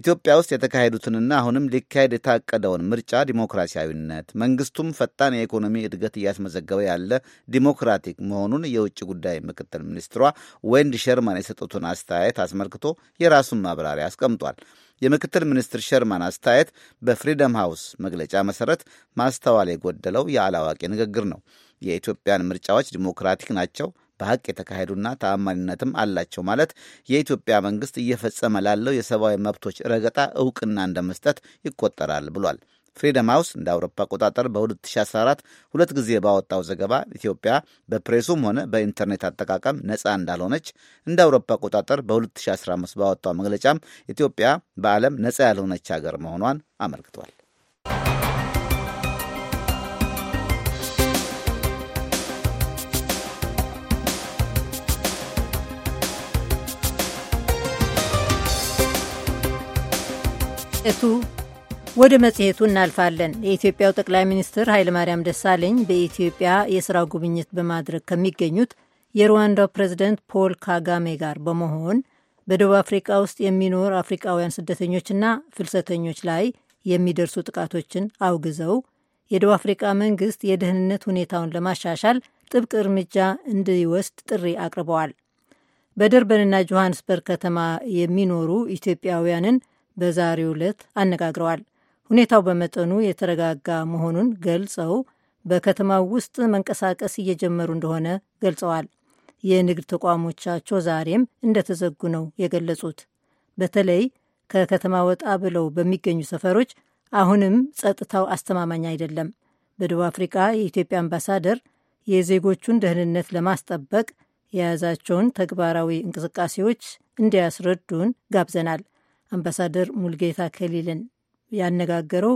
ኢትዮጵያ ውስጥ የተካሄዱትንና አሁንም ሊካሄድ የታቀደውን ምርጫ ዲሞክራሲያዊነት፣ መንግስቱም ፈጣን የኢኮኖሚ እድገት እያስመዘገበ ያለ ዲሞክራቲክ መሆኑን የውጭ ጉዳይ ምክትል ሚኒስትሯ ወንድ ሸርማን የሰጡትን አስተያየት አስመልክቶ የራሱን ማብራሪያ አስቀምጧል። የምክትል ሚኒስትር ሸርማን አስተያየት በፍሪደም ሃውስ መግለጫ መሰረት ማስተዋል የጎደለው የአላዋቂ ንግግር ነው። የኢትዮጵያን ምርጫዎች ዲሞክራቲክ ናቸው፣ በሀቅ የተካሄዱና ተአማኒነትም አላቸው ማለት የኢትዮጵያ መንግስት እየፈጸመ ላለው የሰብአዊ መብቶች ረገጣ እውቅና እንደመስጠት ይቆጠራል ብሏል። ፍሪደም ሃውስ እንደ አውሮፓ አቆጣጠር በ2014 ሁለት ጊዜ ባወጣው ዘገባ ኢትዮጵያ በፕሬሱም ሆነ በኢንተርኔት አጠቃቀም ነፃ እንዳልሆነች፣ እንደ አውሮፓ አቆጣጠር በ2015 ባወጣው መግለጫም ኢትዮጵያ በዓለም ነፃ ያልሆነች ሀገር መሆኗን አመልክቷል። እቱ ወደ መጽሔቱ እናልፋለን። የኢትዮጵያው ጠቅላይ ሚኒስትር ኃይለማርያም ደሳለኝ በኢትዮጵያ የስራ ጉብኝት በማድረግ ከሚገኙት የሩዋንዳው ፕሬዚደንት ፖል ካጋሜ ጋር በመሆን በደቡብ አፍሪካ ውስጥ የሚኖር አፍሪካውያን ስደተኞችና ፍልሰተኞች ላይ የሚደርሱ ጥቃቶችን አውግዘው የደቡብ አፍሪካ መንግስት የደህንነት ሁኔታውን ለማሻሻል ጥብቅ እርምጃ እንዲወስድ ጥሪ አቅርበዋል። በደርበንና ጆሃንስበርግ ከተማ የሚኖሩ ኢትዮጵያውያንን በዛሬው ዕለት አነጋግረዋል። ሁኔታው በመጠኑ የተረጋጋ መሆኑን ገልጸው በከተማው ውስጥ መንቀሳቀስ እየጀመሩ እንደሆነ ገልጸዋል። የንግድ ተቋሞቻቸው ዛሬም እንደተዘጉ ነው የገለጹት። በተለይ ከከተማ ወጣ ብለው በሚገኙ ሰፈሮች አሁንም ጸጥታው አስተማማኝ አይደለም። በደቡብ አፍሪካ የኢትዮጵያ አምባሳደር የዜጎቹን ደህንነት ለማስጠበቅ የያዛቸውን ተግባራዊ እንቅስቃሴዎች እንዲያስረዱን ጋብዘናል። አምባሳደር ሙልጌታ ከሊልን ያነጋገረው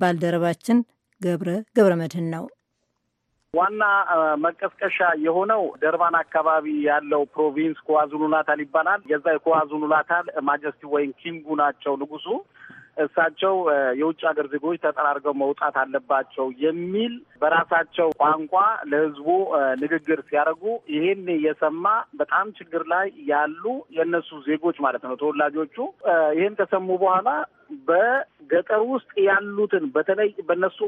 ባልደረባችን ገብረ ገብረ መድህን ነው። ዋና መቀስቀሻ የሆነው ደርባን አካባቢ ያለው ፕሮቪንስ ኮዋዙሉ ናታል ይባላል። የዛ የኮዋዙሉ ናታል ማጀስቲ ወይም ኪንጉ ናቸው ንጉሱ እሳቸው የውጭ ሀገር ዜጎች ተጠራርገው መውጣት አለባቸው የሚል በራሳቸው ቋንቋ ለህዝቡ ንግግር ሲያደርጉ ይሄን የሰማ በጣም ችግር ላይ ያሉ የእነሱ ዜጎች ማለት ነው ተወላጆቹ ይህን ከሰሙ በኋላ በገጠር ውስጥ ያሉትን በተለይ በእነሱ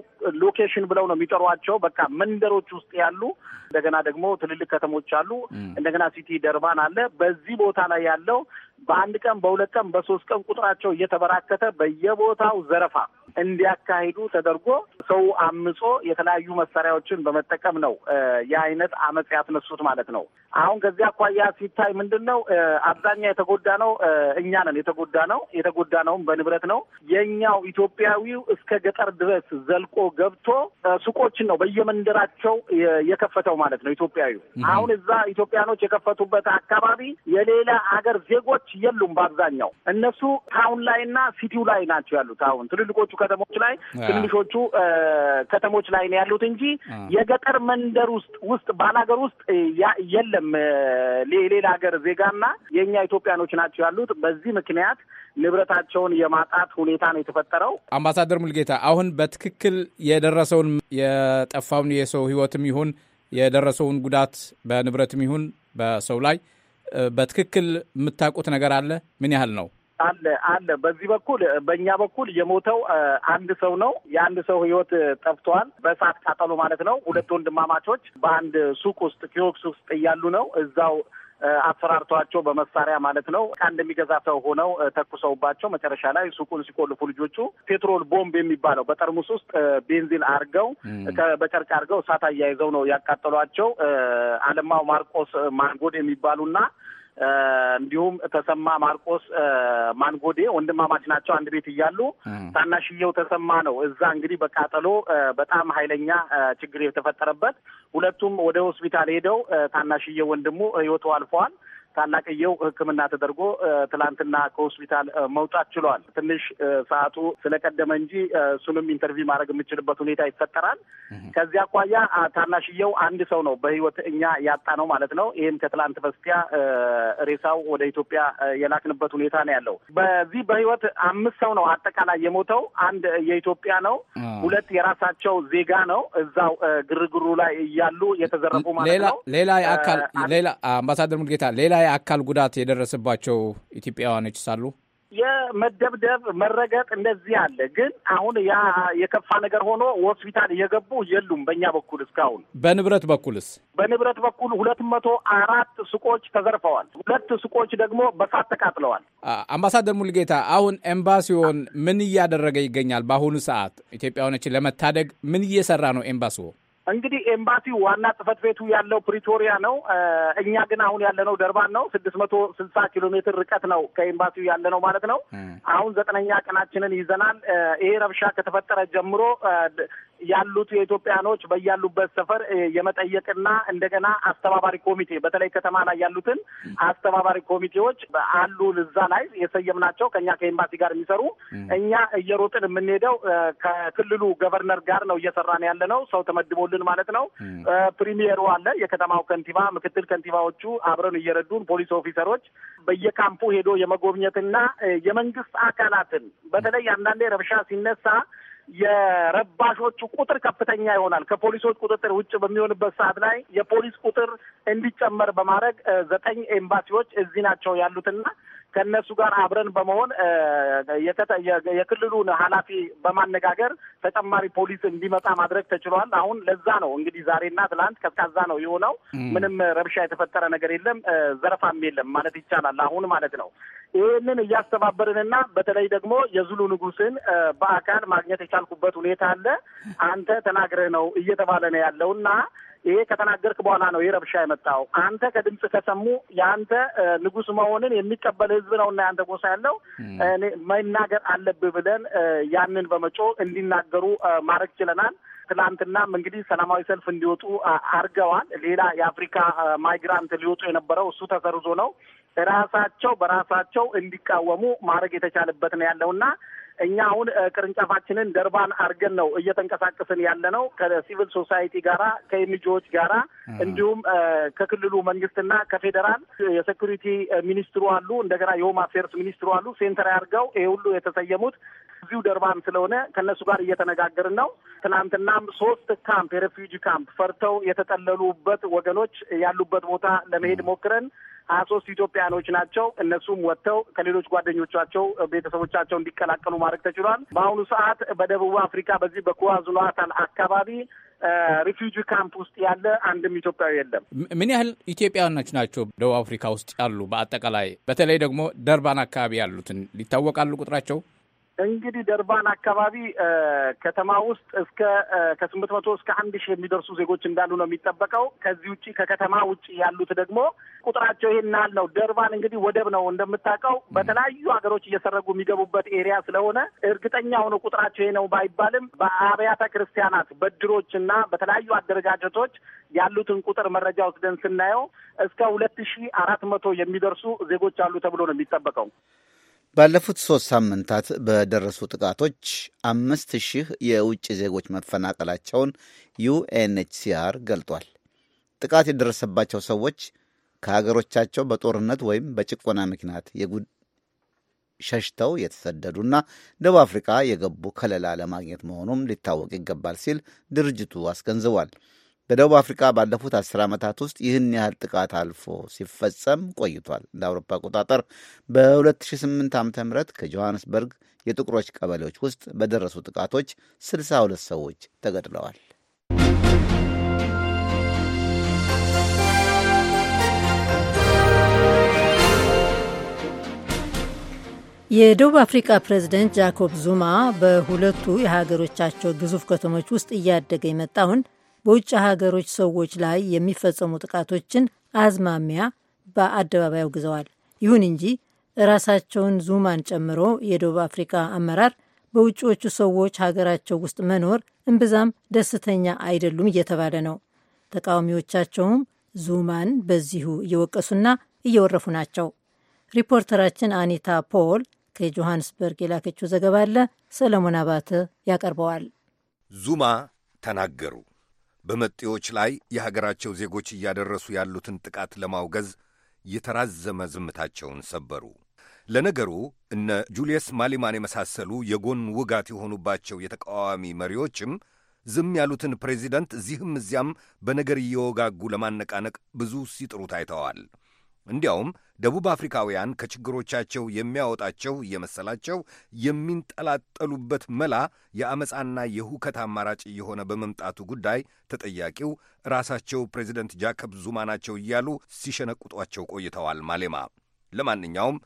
ሎኬሽን ብለው ነው የሚጠሯቸው። በቃ መንደሮች ውስጥ ያሉ እንደገና ደግሞ ትልልቅ ከተሞች አሉ። እንደገና ሲቲ ደርባን አለ። በዚህ ቦታ ላይ ያለው በአንድ ቀን፣ በሁለት ቀን፣ በሶስት ቀን ቁጥራቸው እየተበራከተ በየቦታው ዘረፋ እንዲያካሂዱ ተደርጎ ሰው አምጾ የተለያዩ መሳሪያዎችን በመጠቀም ነው ያ አይነት አመፅ ያስነሱት ማለት ነው። አሁን ከዚህ አኳያ ሲታይ ምንድን ነው አብዛኛው የተጎዳ ነው እኛ ነን የተጎዳ ነው። የተጎዳ ነውም በንብረት ነው። የኛው ኢትዮጵያዊው እስከ ገጠር ድረስ ዘልቆ ገብቶ ሱቆችን ነው በየመንደራቸው የከፈተው ማለት ነው ኢትዮጵያዊው። አሁን እዛ ኢትዮጵያኖች የከፈቱበት አካባቢ የሌላ አገር ዜጎች የሉም። በአብዛኛው እነሱ ታውን ላይና ሲቲው ላይ ናቸው ያሉት አሁን ትልልቆቹ ከተሞች ላይ ትንሾቹ ከተሞች ላይ ነው ያሉት እንጂ የገጠር መንደር ውስጥ ውስጥ ባላገር ውስጥ የለም። የሌላ ሀገር ዜጋና የእኛ ኢትዮጵያኖች ናቸው ያሉት። በዚህ ምክንያት ንብረታቸውን የማጣት ሁኔታ ነው የተፈጠረው። አምባሳደር ሙልጌታ አሁን በትክክል የደረሰውን የጠፋውን የሰው ህይወትም ይሁን የደረሰውን ጉዳት በንብረትም ይሁን በሰው ላይ በትክክል የምታውቁት ነገር አለ? ምን ያህል ነው? አለ አለ። በዚህ በኩል በእኛ በኩል የሞተው አንድ ሰው ነው። የአንድ ሰው ህይወት ጠፍቷል፣ በእሳት ቃጠሎ ማለት ነው። ሁለት ወንድማማቾች በአንድ ሱቅ ውስጥ ኪዮስክ ውስጥ እያሉ ነው እዛው አፈራርተዋቸው በመሳሪያ ማለት ነው ዕቃ እንደሚገዛ ሰው ሆነው ተኩሰውባቸው መጨረሻ ላይ ሱቁን ሲቆልፉ ልጆቹ ፔትሮል ቦምብ የሚባለው በጠርሙስ ውስጥ ቤንዚን አርገው በጨርቅ አርገው እሳት አያይዘው ነው ያቃጠሏቸው። አለማው ማርቆስ ማንጎድ የሚባሉና እንዲሁም ተሰማ ማርቆስ ማንጎዴ ወንድማማች ናቸው። አንድ ቤት እያሉ ታናሽየው ተሰማ ነው እዛ እንግዲህ በቃጠሎ በጣም ኃይለኛ ችግር የተፈጠረበት ሁለቱም ወደ ሆስፒታል ሄደው ታናሽየው ወንድሙ ህይወቱ አልፈዋል። ታላቅየው ሕክምና ተደርጎ ትላንትና ከሆስፒታል መውጣት ችሏል። ትንሽ ሰዓቱ ስለቀደመ እንጂ እሱንም ኢንተርቪው ማድረግ የምችልበት ሁኔታ ይፈጠራል። ከዚህ አኳያ ታናሽየው አንድ ሰው ነው በህይወት እኛ ያጣ ነው ማለት ነው። ይህም ከትላንት በስቲያ ሬሳው ወደ ኢትዮጵያ የላክንበት ሁኔታ ነው ያለው። በዚህ በህይወት አምስት ሰው ነው አጠቃላይ የሞተው። አንድ የኢትዮጵያ ነው፣ ሁለት የራሳቸው ዜጋ ነው። እዛው ግርግሩ ላይ እያሉ የተዘረፉ ማለት ነው። ሌላ አካል ሌላ አምባሳደር ሙድጌታ ሌላ አካል ጉዳት የደረሰባቸው ኢትዮጵያውያኖች ሳሉ የመደብደብ መረገጥ እንደዚህ አለ። ግን አሁን ያ የከፋ ነገር ሆኖ ሆስፒታል የገቡ የሉም። በእኛ በኩል እስካሁን በንብረት በኩልስ በንብረት በኩል ሁለት መቶ አራት ሱቆች ተዘርፈዋል። ሁለት ሱቆች ደግሞ በሳት ተቃጥለዋል። አምባሳደር ሙልጌታ አሁን ኤምባሲዎን ምን እያደረገ ይገኛል? በአሁኑ ሰዓት ኢትዮጵያውያኖችን ለመታደግ ምን እየሰራ ነው ኤምባሲዎ እንግዲህ ኤምባሲው ዋና ጽህፈት ቤቱ ያለው ፕሪቶሪያ ነው። እኛ ግን አሁን ያለነው ደርባን ነው። ስድስት መቶ ስልሳ ኪሎ ሜትር ርቀት ነው ከኤምባሲው ያለነው ማለት ነው። አሁን ዘጠነኛ ቀናችንን ይዘናል። ይሄ ረብሻ ከተፈጠረ ጀምሮ ያሉት የኢትዮጵያኖች በያሉበት ሰፈር የመጠየቅና እንደገና አስተባባሪ ኮሚቴ በተለይ ከተማ ላይ ያሉትን አስተባባሪ ኮሚቴዎች አሉ እዛ ላይ የሰየምናቸው ከኛ ከኤምባሲ ጋር የሚሰሩ እኛ እየሮጥን የምንሄደው ከክልሉ ገቨርነር ጋር ነው እየሰራን ያለ ነው ሰው ተመድቦልን ቡድን ማለት ነው። ፕሪሚየሩ አለ፣ የከተማው ከንቲባ፣ ምክትል ከንቲባዎቹ አብረን እየረዱን ፖሊስ ኦፊሰሮች በየካምፑ ሄዶ የመጎብኘትና የመንግስት አካላትን በተለይ አንዳንዴ ረብሻ ሲነሳ የረባሾቹ ቁጥር ከፍተኛ ይሆናል። ከፖሊሶች ቁጥጥር ውጭ በሚሆንበት ሰዓት ላይ የፖሊስ ቁጥር እንዲጨመር በማድረግ ዘጠኝ ኤምባሲዎች እዚህ ናቸው ያሉትና ከእነሱ ጋር አብረን በመሆን የክልሉን ኃላፊ በማነጋገር ተጨማሪ ፖሊስ እንዲመጣ ማድረግ ተችሏል። አሁን ለዛ ነው እንግዲህ ዛሬና ትላንት ቀዝቃዛ ነው የሆነው። ምንም ረብሻ የተፈጠረ ነገር የለም፣ ዘረፋም የለም ማለት ይቻላል አሁን ማለት ነው። ይህንን እያስተባበርንና በተለይ ደግሞ የዙሉ ንጉስን በአካል ማግኘት የቻልኩበት ሁኔታ አለ። አንተ ተናግረህ ነው እየተባለ ነው ያለውና ይሄ ከተናገርክ በኋላ ነው ይሄ ረብሻ የመጣው። አንተ ከድምፅ ከሰሙ የአንተ ንጉስ መሆንን የሚቀበል ህዝብ ነው እና ያንተ ጎሳ ያለው መናገር አለብህ ብለን ያንን በመጮ እንዲናገሩ ማድረግ ችለናል። ትላንትናም እንግዲህ ሰላማዊ ሰልፍ እንዲወጡ አድርገዋል። ሌላ የአፍሪካ ማይግራንት ሊወጡ የነበረው እሱ ተሰርዞ ነው። ራሳቸው በራሳቸው እንዲቃወሙ ማድረግ የተቻለበት ነው ያለውና እኛ አሁን ቅርንጫፋችንን ደርባን አድርገን ነው እየተንቀሳቀስን ያለ ነው ከሲቪል ሶሳይቲ ጋራ ከኤንጂኦዎች ጋራ እንዲሁም ከክልሉ መንግስትና ከፌዴራል የሴኩሪቲ ሚኒስትሩ አሉ፣ እንደገና የሆም አፌርስ ሚኒስትሩ አሉ። ሴንተር ያድርገው ይሄ ሁሉ የተሰየሙት እዚሁ ደርባን ስለሆነ ከእነሱ ጋር እየተነጋገርን ነው። ትናንትናም ሶስት ካምፕ የሬፊጂ ካምፕ ፈርተው የተጠለሉበት ወገኖች ያሉበት ቦታ ለመሄድ ሞክረን ሀያ ሶስት ኢትዮጵያኖች ናቸው። እነሱም ወጥተው ከሌሎች ጓደኞቻቸው ቤተሰቦቻቸው እንዲቀላቀሉ ማድረግ ተችሏል። በአሁኑ ሰዓት በደቡብ አፍሪካ በዚህ በኩዋዙሉ አካባቢ ሪፊጂ ካምፕ ውስጥ ያለ አንድም ኢትዮጵያዊ የለም። ምን ያህል ኢትዮጵያኖች ናቸው ደቡብ አፍሪካ ውስጥ ያሉ? በአጠቃላይ በተለይ ደግሞ ደርባን አካባቢ ያሉትን ይታወቃሉ ቁጥራቸው? እንግዲህ ደርባን አካባቢ ከተማ ውስጥ እስከ ከስምንት መቶ እስከ አንድ ሺህ የሚደርሱ ዜጎች እንዳሉ ነው የሚጠበቀው። ከዚህ ውጭ ከከተማ ውጭ ያሉት ደግሞ ቁጥራቸው ይሄን ያህል ነው። ደርባን እንግዲህ ወደብ ነው እንደምታውቀው፣ በተለያዩ ሀገሮች እየሰረጉ የሚገቡበት ኤሪያ ስለሆነ እርግጠኛ ሆኖ ቁጥራቸው ይሄ ነው ባይባልም በአብያተ ክርስቲያናት በድሮች እና በተለያዩ አደረጃጀቶች ያሉትን ቁጥር መረጃ ወስደን ስናየው እስከ ሁለት ሺህ አራት መቶ የሚደርሱ ዜጎች አሉ ተብሎ ነው የሚጠበቀው። ባለፉት ሶስት ሳምንታት በደረሱ ጥቃቶች አምስት ሺህ የውጭ ዜጎች መፈናቀላቸውን ዩኤንኤችሲአር ገልጧል። ጥቃት የደረሰባቸው ሰዎች ከሀገሮቻቸው በጦርነት ወይም በጭቆና ምክንያት ሸሽተው የተሰደዱና ደቡብ አፍሪካ የገቡ ከለላ ለማግኘት መሆኑም ሊታወቅ ይገባል ሲል ድርጅቱ አስገንዝቧል። በደቡብ አፍሪካ ባለፉት አስር ዓመታት ውስጥ ይህን ያህል ጥቃት አልፎ ሲፈጸም ቆይቷል። እንደ አውሮፓ አቆጣጠር በ2008 ዓ ም ከጆሃንስበርግ የጥቁሮች ቀበሌዎች ውስጥ በደረሱ ጥቃቶች 62 ሰዎች ተገድለዋል። የደቡብ አፍሪካ ፕሬዝደንት ጃኮብ ዙማ በሁለቱ የሀገሮቻቸው ግዙፍ ከተሞች ውስጥ እያደገ የመጣውን በውጭ ሀገሮች ሰዎች ላይ የሚፈጸሙ ጥቃቶችን አዝማሚያ በአደባባይ አውግዘዋል። ይሁን እንጂ ራሳቸውን ዙማን ጨምሮ የደቡብ አፍሪካ አመራር በውጭዎቹ ሰዎች ሀገራቸው ውስጥ መኖር እምብዛም ደስተኛ አይደሉም እየተባለ ነው። ተቃዋሚዎቻቸውም ዙማን በዚሁ እየወቀሱና እየወረፉ ናቸው። ሪፖርተራችን አኒታ ፖል ከጆሃንስበርግ የላከችው ዘገባ አለ። ሰለሞን አባተ ያቀርበዋል። ዙማ ተናገሩ። በመጤዎች ላይ የሀገራቸው ዜጎች እያደረሱ ያሉትን ጥቃት ለማውገዝ የተራዘመ ዝምታቸውን ሰበሩ። ለነገሩ እነ ጁልየስ ማሊማን የመሳሰሉ የጎን ውጋት የሆኑባቸው የተቃዋሚ መሪዎችም ዝም ያሉትን ፕሬዚደንት እዚህም እዚያም በነገር እየወጋጉ ለማነቃነቅ ብዙ ሲጥሩ ታይተዋል። እንዲያውም ደቡብ አፍሪካውያን ከችግሮቻቸው የሚያወጣቸው እየመሰላቸው የሚንጠላጠሉበት መላ የአመፃና የሁከት አማራጭ እየሆነ በመምጣቱ ጉዳይ ተጠያቂው ራሳቸው ፕሬዚደንት ጃከብ ዙማ ናቸው እያሉ ሲሸነቁጧቸው ቆይተዋል። ማሌማ ለማንኛውም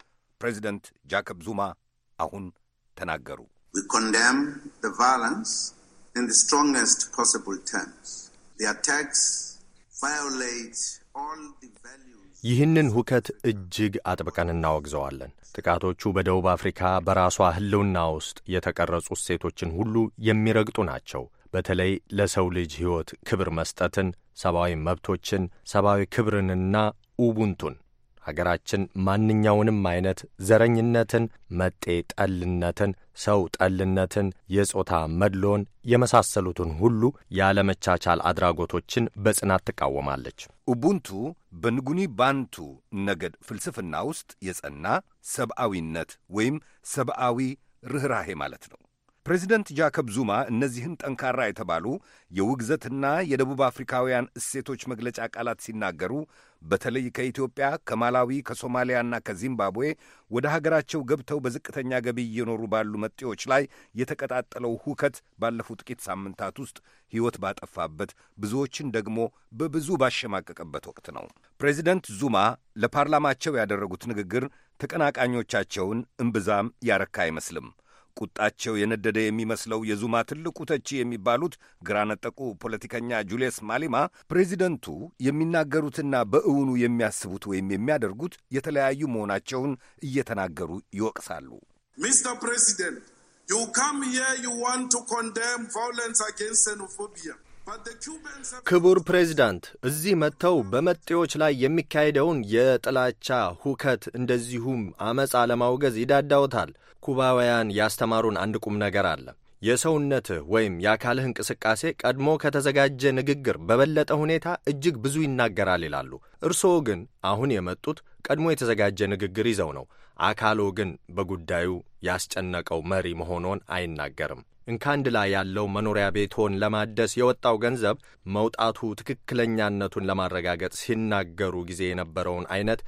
ፕሬዚደንት ጃከብ ዙማ አሁን ተናገሩ። ስትሮንገስት ይህንን ሁከት እጅግ አጥብቀን እናወግዘዋለን። ጥቃቶቹ በደቡብ አፍሪካ በራሷ ሕልውና ውስጥ የተቀረጹ እሴቶችን ሁሉ የሚረግጡ ናቸው። በተለይ ለሰው ልጅ ሕይወት ክብር መስጠትን፣ ሰብአዊ መብቶችን፣ ሰብአዊ ክብርንና ኡቡንቱን ሀገራችን ማንኛውንም አይነት ዘረኝነትን፣ መጤ ጠልነትን፣ ሰው ጠልነትን፣ የጾታ መድሎን የመሳሰሉትን ሁሉ ያለመቻቻል አድራጎቶችን በጽናት ትቃወማለች። ኡቡንቱ በንጉኒ ባንቱ ነገድ ፍልስፍና ውስጥ የጸና ሰብአዊነት ወይም ሰብአዊ ርኅራሄ ማለት ነው። ፕሬዚደንት ጃከብ ዙማ እነዚህን ጠንካራ የተባሉ የውግዘትና የደቡብ አፍሪካውያን እሴቶች መግለጫ ቃላት ሲናገሩ በተለይ ከኢትዮጵያ፣ ከማላዊ፣ ከሶማሊያና ከዚምባብዌ ወደ ሀገራቸው ገብተው በዝቅተኛ ገቢ እየኖሩ ባሉ መጤዎች ላይ የተቀጣጠለው ሁከት ባለፉ ጥቂት ሳምንታት ውስጥ ሕይወት ባጠፋበት ብዙዎችን ደግሞ በብዙ ባሸማቀቀበት ወቅት ነው። ፕሬዚደንት ዙማ ለፓርላማቸው ያደረጉት ንግግር ተቀናቃኞቻቸውን እምብዛም ያረካ አይመስልም። ቁጣቸው የነደደ የሚመስለው የዙማ ትልቁ ተቺ የሚባሉት ግራ ነጠቁ ፖለቲከኛ ጁልየስ ማሊማ ፕሬዚደንቱ የሚናገሩትና በእውኑ የሚያስቡት ወይም የሚያደርጉት የተለያዩ መሆናቸውን እየተናገሩ ይወቅሳሉ። ሚስተር ፕሬዚደንት ዩ ካም ዩ ዋንት ቱ ኮንደም ቫዮለንስ አጌንስት ሴኖፎቢያ ክቡር ፕሬዚዳንት እዚህ መጥተው በመጤዎች ላይ የሚካሄደውን የጥላቻ ሁከት እንደዚሁም አመፃ ለማውገዝ ይዳዳውታል። ኩባውያን ያስተማሩን አንድ ቁም ነገር አለ። የሰውነትህ ወይም የአካልህ እንቅስቃሴ ቀድሞ ከተዘጋጀ ንግግር በበለጠ ሁኔታ እጅግ ብዙ ይናገራል ይላሉ። እርስዎ ግን አሁን የመጡት ቀድሞ የተዘጋጀ ንግግር ይዘው ነው። አካሎ ግን በጉዳዩ ያስጨነቀው መሪ መሆኖን አይናገርም። እንካንድ ላይ ያለው መኖሪያ ቤቶን ለማደስ የወጣው ገንዘብ መውጣቱ ትክክለኛነቱን ለማረጋገጥ ሲናገሩ ጊዜ የነበረውን አይነት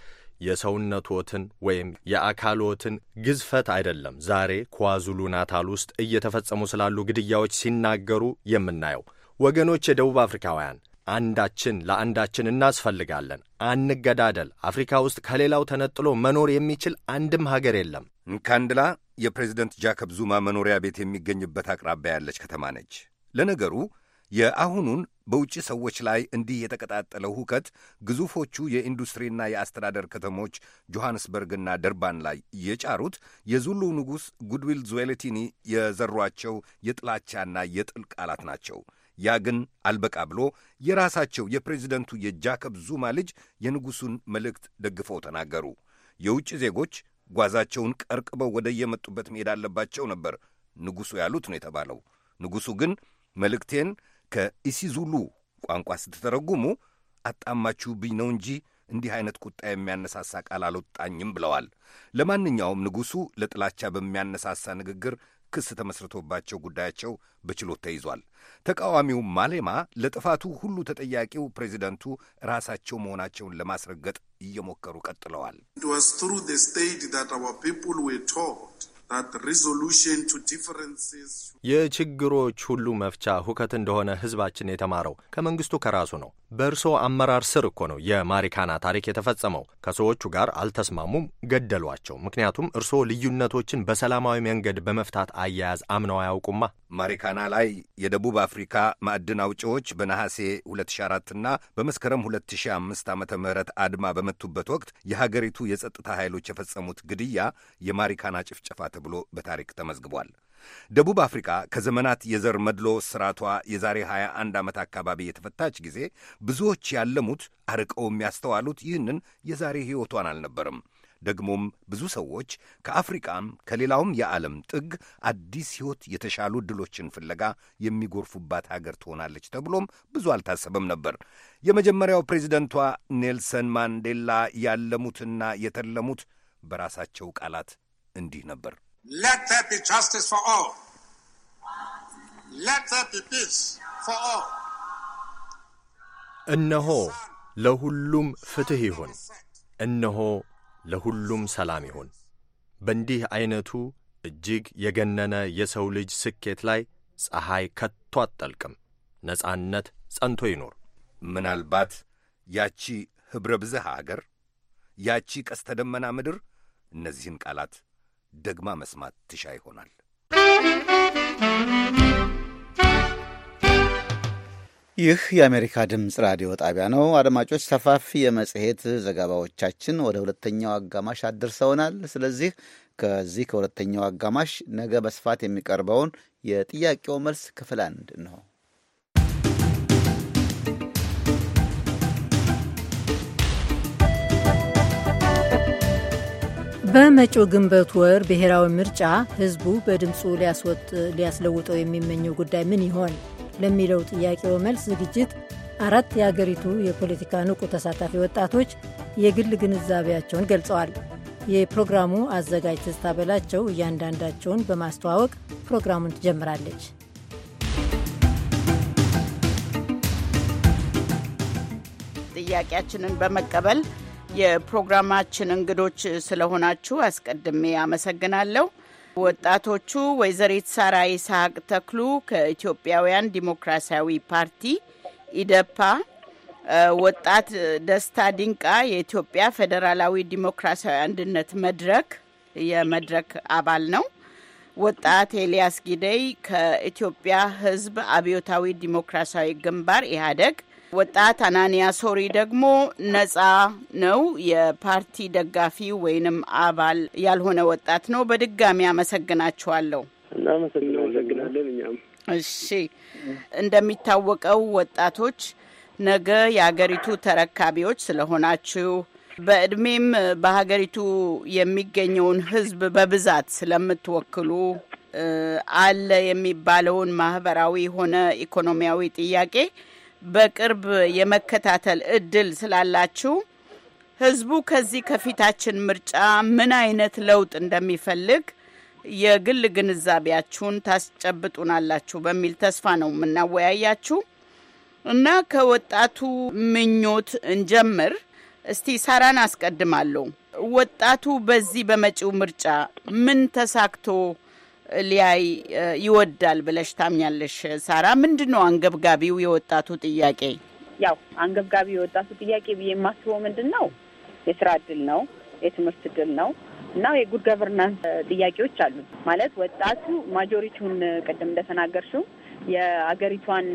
የሰውነትዎትን ወይም የአካልዎትን ግዝፈት አይደለም ዛሬ ኳዙሉ ናታል ውስጥ እየተፈጸሙ ስላሉ ግድያዎች ሲናገሩ የምናየው። ወገኖች የደቡብ አፍሪካውያን አንዳችን ለአንዳችን እናስፈልጋለን። አንገዳደል። አፍሪካ ውስጥ ከሌላው ተነጥሎ መኖር የሚችል አንድም ሀገር የለም። ካንድላ የፕሬዚደንት ጃከብ ዙማ መኖሪያ ቤት የሚገኝበት አቅራቢያ ያለች ከተማ ነች። ለነገሩ የአሁኑን በውጭ ሰዎች ላይ እንዲህ የተቀጣጠለው ሁከት ግዙፎቹ የኢንዱስትሪና የአስተዳደር ከተሞች ጆሐንስበርግና ደርባን ላይ የጫሩት የዙሉ ንጉሥ ጉድዊል ዙዌሌቲኒ የዘሯቸው የጥላቻና የጥል ቃላት ናቸው። ያ ግን አልበቃ ብሎ የራሳቸው የፕሬዚደንቱ የጃከብ ዙማ ልጅ የንጉሡን መልእክት ደግፈው ተናገሩ። የውጭ ዜጎች ጓዛቸውን ቀርቅበው ወደ የመጡበት መሄድ አለባቸው ነበር ንጉሡ ያሉት ነው የተባለው። ንጉሡ ግን መልእክቴን ከኢሲዙሉ ቋንቋ ስትተረጉሙ አጣማችሁ ብኝ ነው እንጂ እንዲህ አይነት ቁጣ የሚያነሳሳ ቃል አልወጣኝም ብለዋል። ለማንኛውም ንጉሡ ለጥላቻ በሚያነሳሳ ንግግር ክስ ተመስርቶባቸው ጉዳያቸው በችሎት ተይዟል። ተቃዋሚው ማሌማ ለጥፋቱ ሁሉ ተጠያቂው ፕሬዚደንቱ ራሳቸው መሆናቸውን ለማስረገጥ እየሞከሩ ቀጥለዋል። የችግሮች ሁሉ መፍቻ ሁከት እንደሆነ ህዝባችን የተማረው ከመንግስቱ ከራሱ ነው። በእርሶ አመራር ስር እኮ ነው የማሪካና ታሪክ የተፈጸመው። ከሰዎቹ ጋር አልተስማሙም፣ ገደሏቸው። ምክንያቱም እርሶ ልዩነቶችን በሰላማዊ መንገድ በመፍታት አያያዝ አምነው አያውቁማ። ማሪካና ላይ የደቡብ አፍሪካ ማዕድን አውጪዎች በነሐሴ 2004 ና በመስከረም 2005 ዓ ም አድማ በመቱበት ወቅት የሀገሪቱ የጸጥታ ኃይሎች የፈጸሙት ግድያ የማሪካና ጭፍጨፋ ተብሎ በታሪክ ተመዝግቧል። ደቡብ አፍሪካ ከዘመናት የዘር መድሎ ስርዓቷ የዛሬ 21 ዓመት አካባቢ የተፈታች ጊዜ ብዙዎች ያለሙት አርቀውም ያስተዋሉት ይህንን የዛሬ ሕይወቷን አልነበርም። ደግሞም ብዙ ሰዎች ከአፍሪቃም ከሌላውም የዓለም ጥግ አዲስ ሕይወት የተሻሉ ድሎችን ፍለጋ የሚጎርፉባት ሀገር ትሆናለች ተብሎም ብዙ አልታሰበም ነበር። የመጀመሪያው ፕሬዚደንቷ ኔልሰን ማንዴላ ያለሙትና የተለሙት በራሳቸው ቃላት እንዲህ ነበር። Let there be justice for all. Let there be peace for all. እነሆ ለሁሉም ፍትሕ ይሁን። እነሆ ለሁሉም ሰላም ይሁን። በእንዲህ ዐይነቱ እጅግ የገነነ የሰው ልጅ ስኬት ላይ ፀሐይ ከቶ አትጠልቅም። ነጻነት ጸንቶ ይኖር። ምናልባት ያቺ ኅብረ ብዝሃ አገር፣ ያቺ ቀስተ ደመና ምድር እነዚህን ቃላት ደግማ መስማት ትሻ ይሆናል። ይህ የአሜሪካ ድምፅ ራዲዮ ጣቢያ ነው። አድማጮች፣ ሰፋፊ የመጽሔት ዘገባዎቻችን ወደ ሁለተኛው አጋማሽ አድርሰውናል። ስለዚህ ከዚህ ከሁለተኛው አጋማሽ ነገ በስፋት የሚቀርበውን የጥያቄው መልስ ክፍል አንድ ነው። በመጪው ግንቦት ወር ብሔራዊ ምርጫ ህዝቡ በድምፁ ሊያስለውጠው የሚመኘው ጉዳይ ምን ይሆን ለሚለው ጥያቄው መልስ ዝግጅት አራት የአገሪቱ የፖለቲካ ንቁ ተሳታፊ ወጣቶች የግል ግንዛቤያቸውን ገልጸዋል። የፕሮግራሙ አዘጋጅ ትዝታ በላቸው እያንዳንዳቸውን በማስተዋወቅ ፕሮግራሙን ትጀምራለች። ጥያቄያችንን በመቀበል የፕሮግራማችን እንግዶች ስለሆናችሁ አስቀድሜ አመሰግናለሁ። ወጣቶቹ ወይዘሪት ሳራ ይስሐቅ ተክሉ ከኢትዮጵያውያን ዲሞክራሲያዊ ፓርቲ ኢደፓ፣ ወጣት ደስታ ዲንቃ የኢትዮጵያ ፌዴራላዊ ዲሞክራሲያዊ አንድነት መድረክ የመድረክ አባል ነው። ወጣት ኤልያስ ጊደይ ከኢትዮጵያ ሕዝብ አብዮታዊ ዲሞክራሲያዊ ግንባር ኢህአዴግ ወጣት አናንያ ሶሪ ደግሞ ነጻ ነው፣ የፓርቲ ደጋፊ ወይንም አባል ያልሆነ ወጣት ነው። በድጋሚ አመሰግናችኋለሁ። እናመሰግናለን። እኛም እሺ። እንደሚታወቀው ወጣቶች ነገ የሀገሪቱ ተረካቢዎች ስለሆናችሁ በእድሜም በሀገሪቱ የሚገኘውን ሕዝብ በብዛት ስለምትወክሉ አለ የሚባለውን ማህበራዊ ሆነ ኢኮኖሚያዊ ጥያቄ በቅርብ የመከታተል እድል ስላላችሁ ህዝቡ ከዚህ ከፊታችን ምርጫ ምን አይነት ለውጥ እንደሚፈልግ የግል ግንዛቤያችሁን ታስጨብጡናላችሁ በሚል ተስፋ ነው የምናወያያችሁ እና ከወጣቱ ምኞት እንጀምር። እስቲ ሳራን አስቀድማለሁ። ወጣቱ በዚህ በመጪው ምርጫ ምን ተሳክቶ ሊያይ ይወዳል ብለሽ ታምኛለሽ? ሳራ፣ ምንድን ነው አንገብጋቢው የወጣቱ ጥያቄ? ያው አንገብጋቢ የወጣቱ ጥያቄ ብዬ የማስበው ምንድን ነው የስራ እድል ነው፣ የትምህርት እድል ነው እና የጉድ ገቨርናንስ ጥያቄዎች አሉ። ማለት ወጣቱ ማጆሪቲውን ቅድም እንደተናገርሽው የአገሪቷን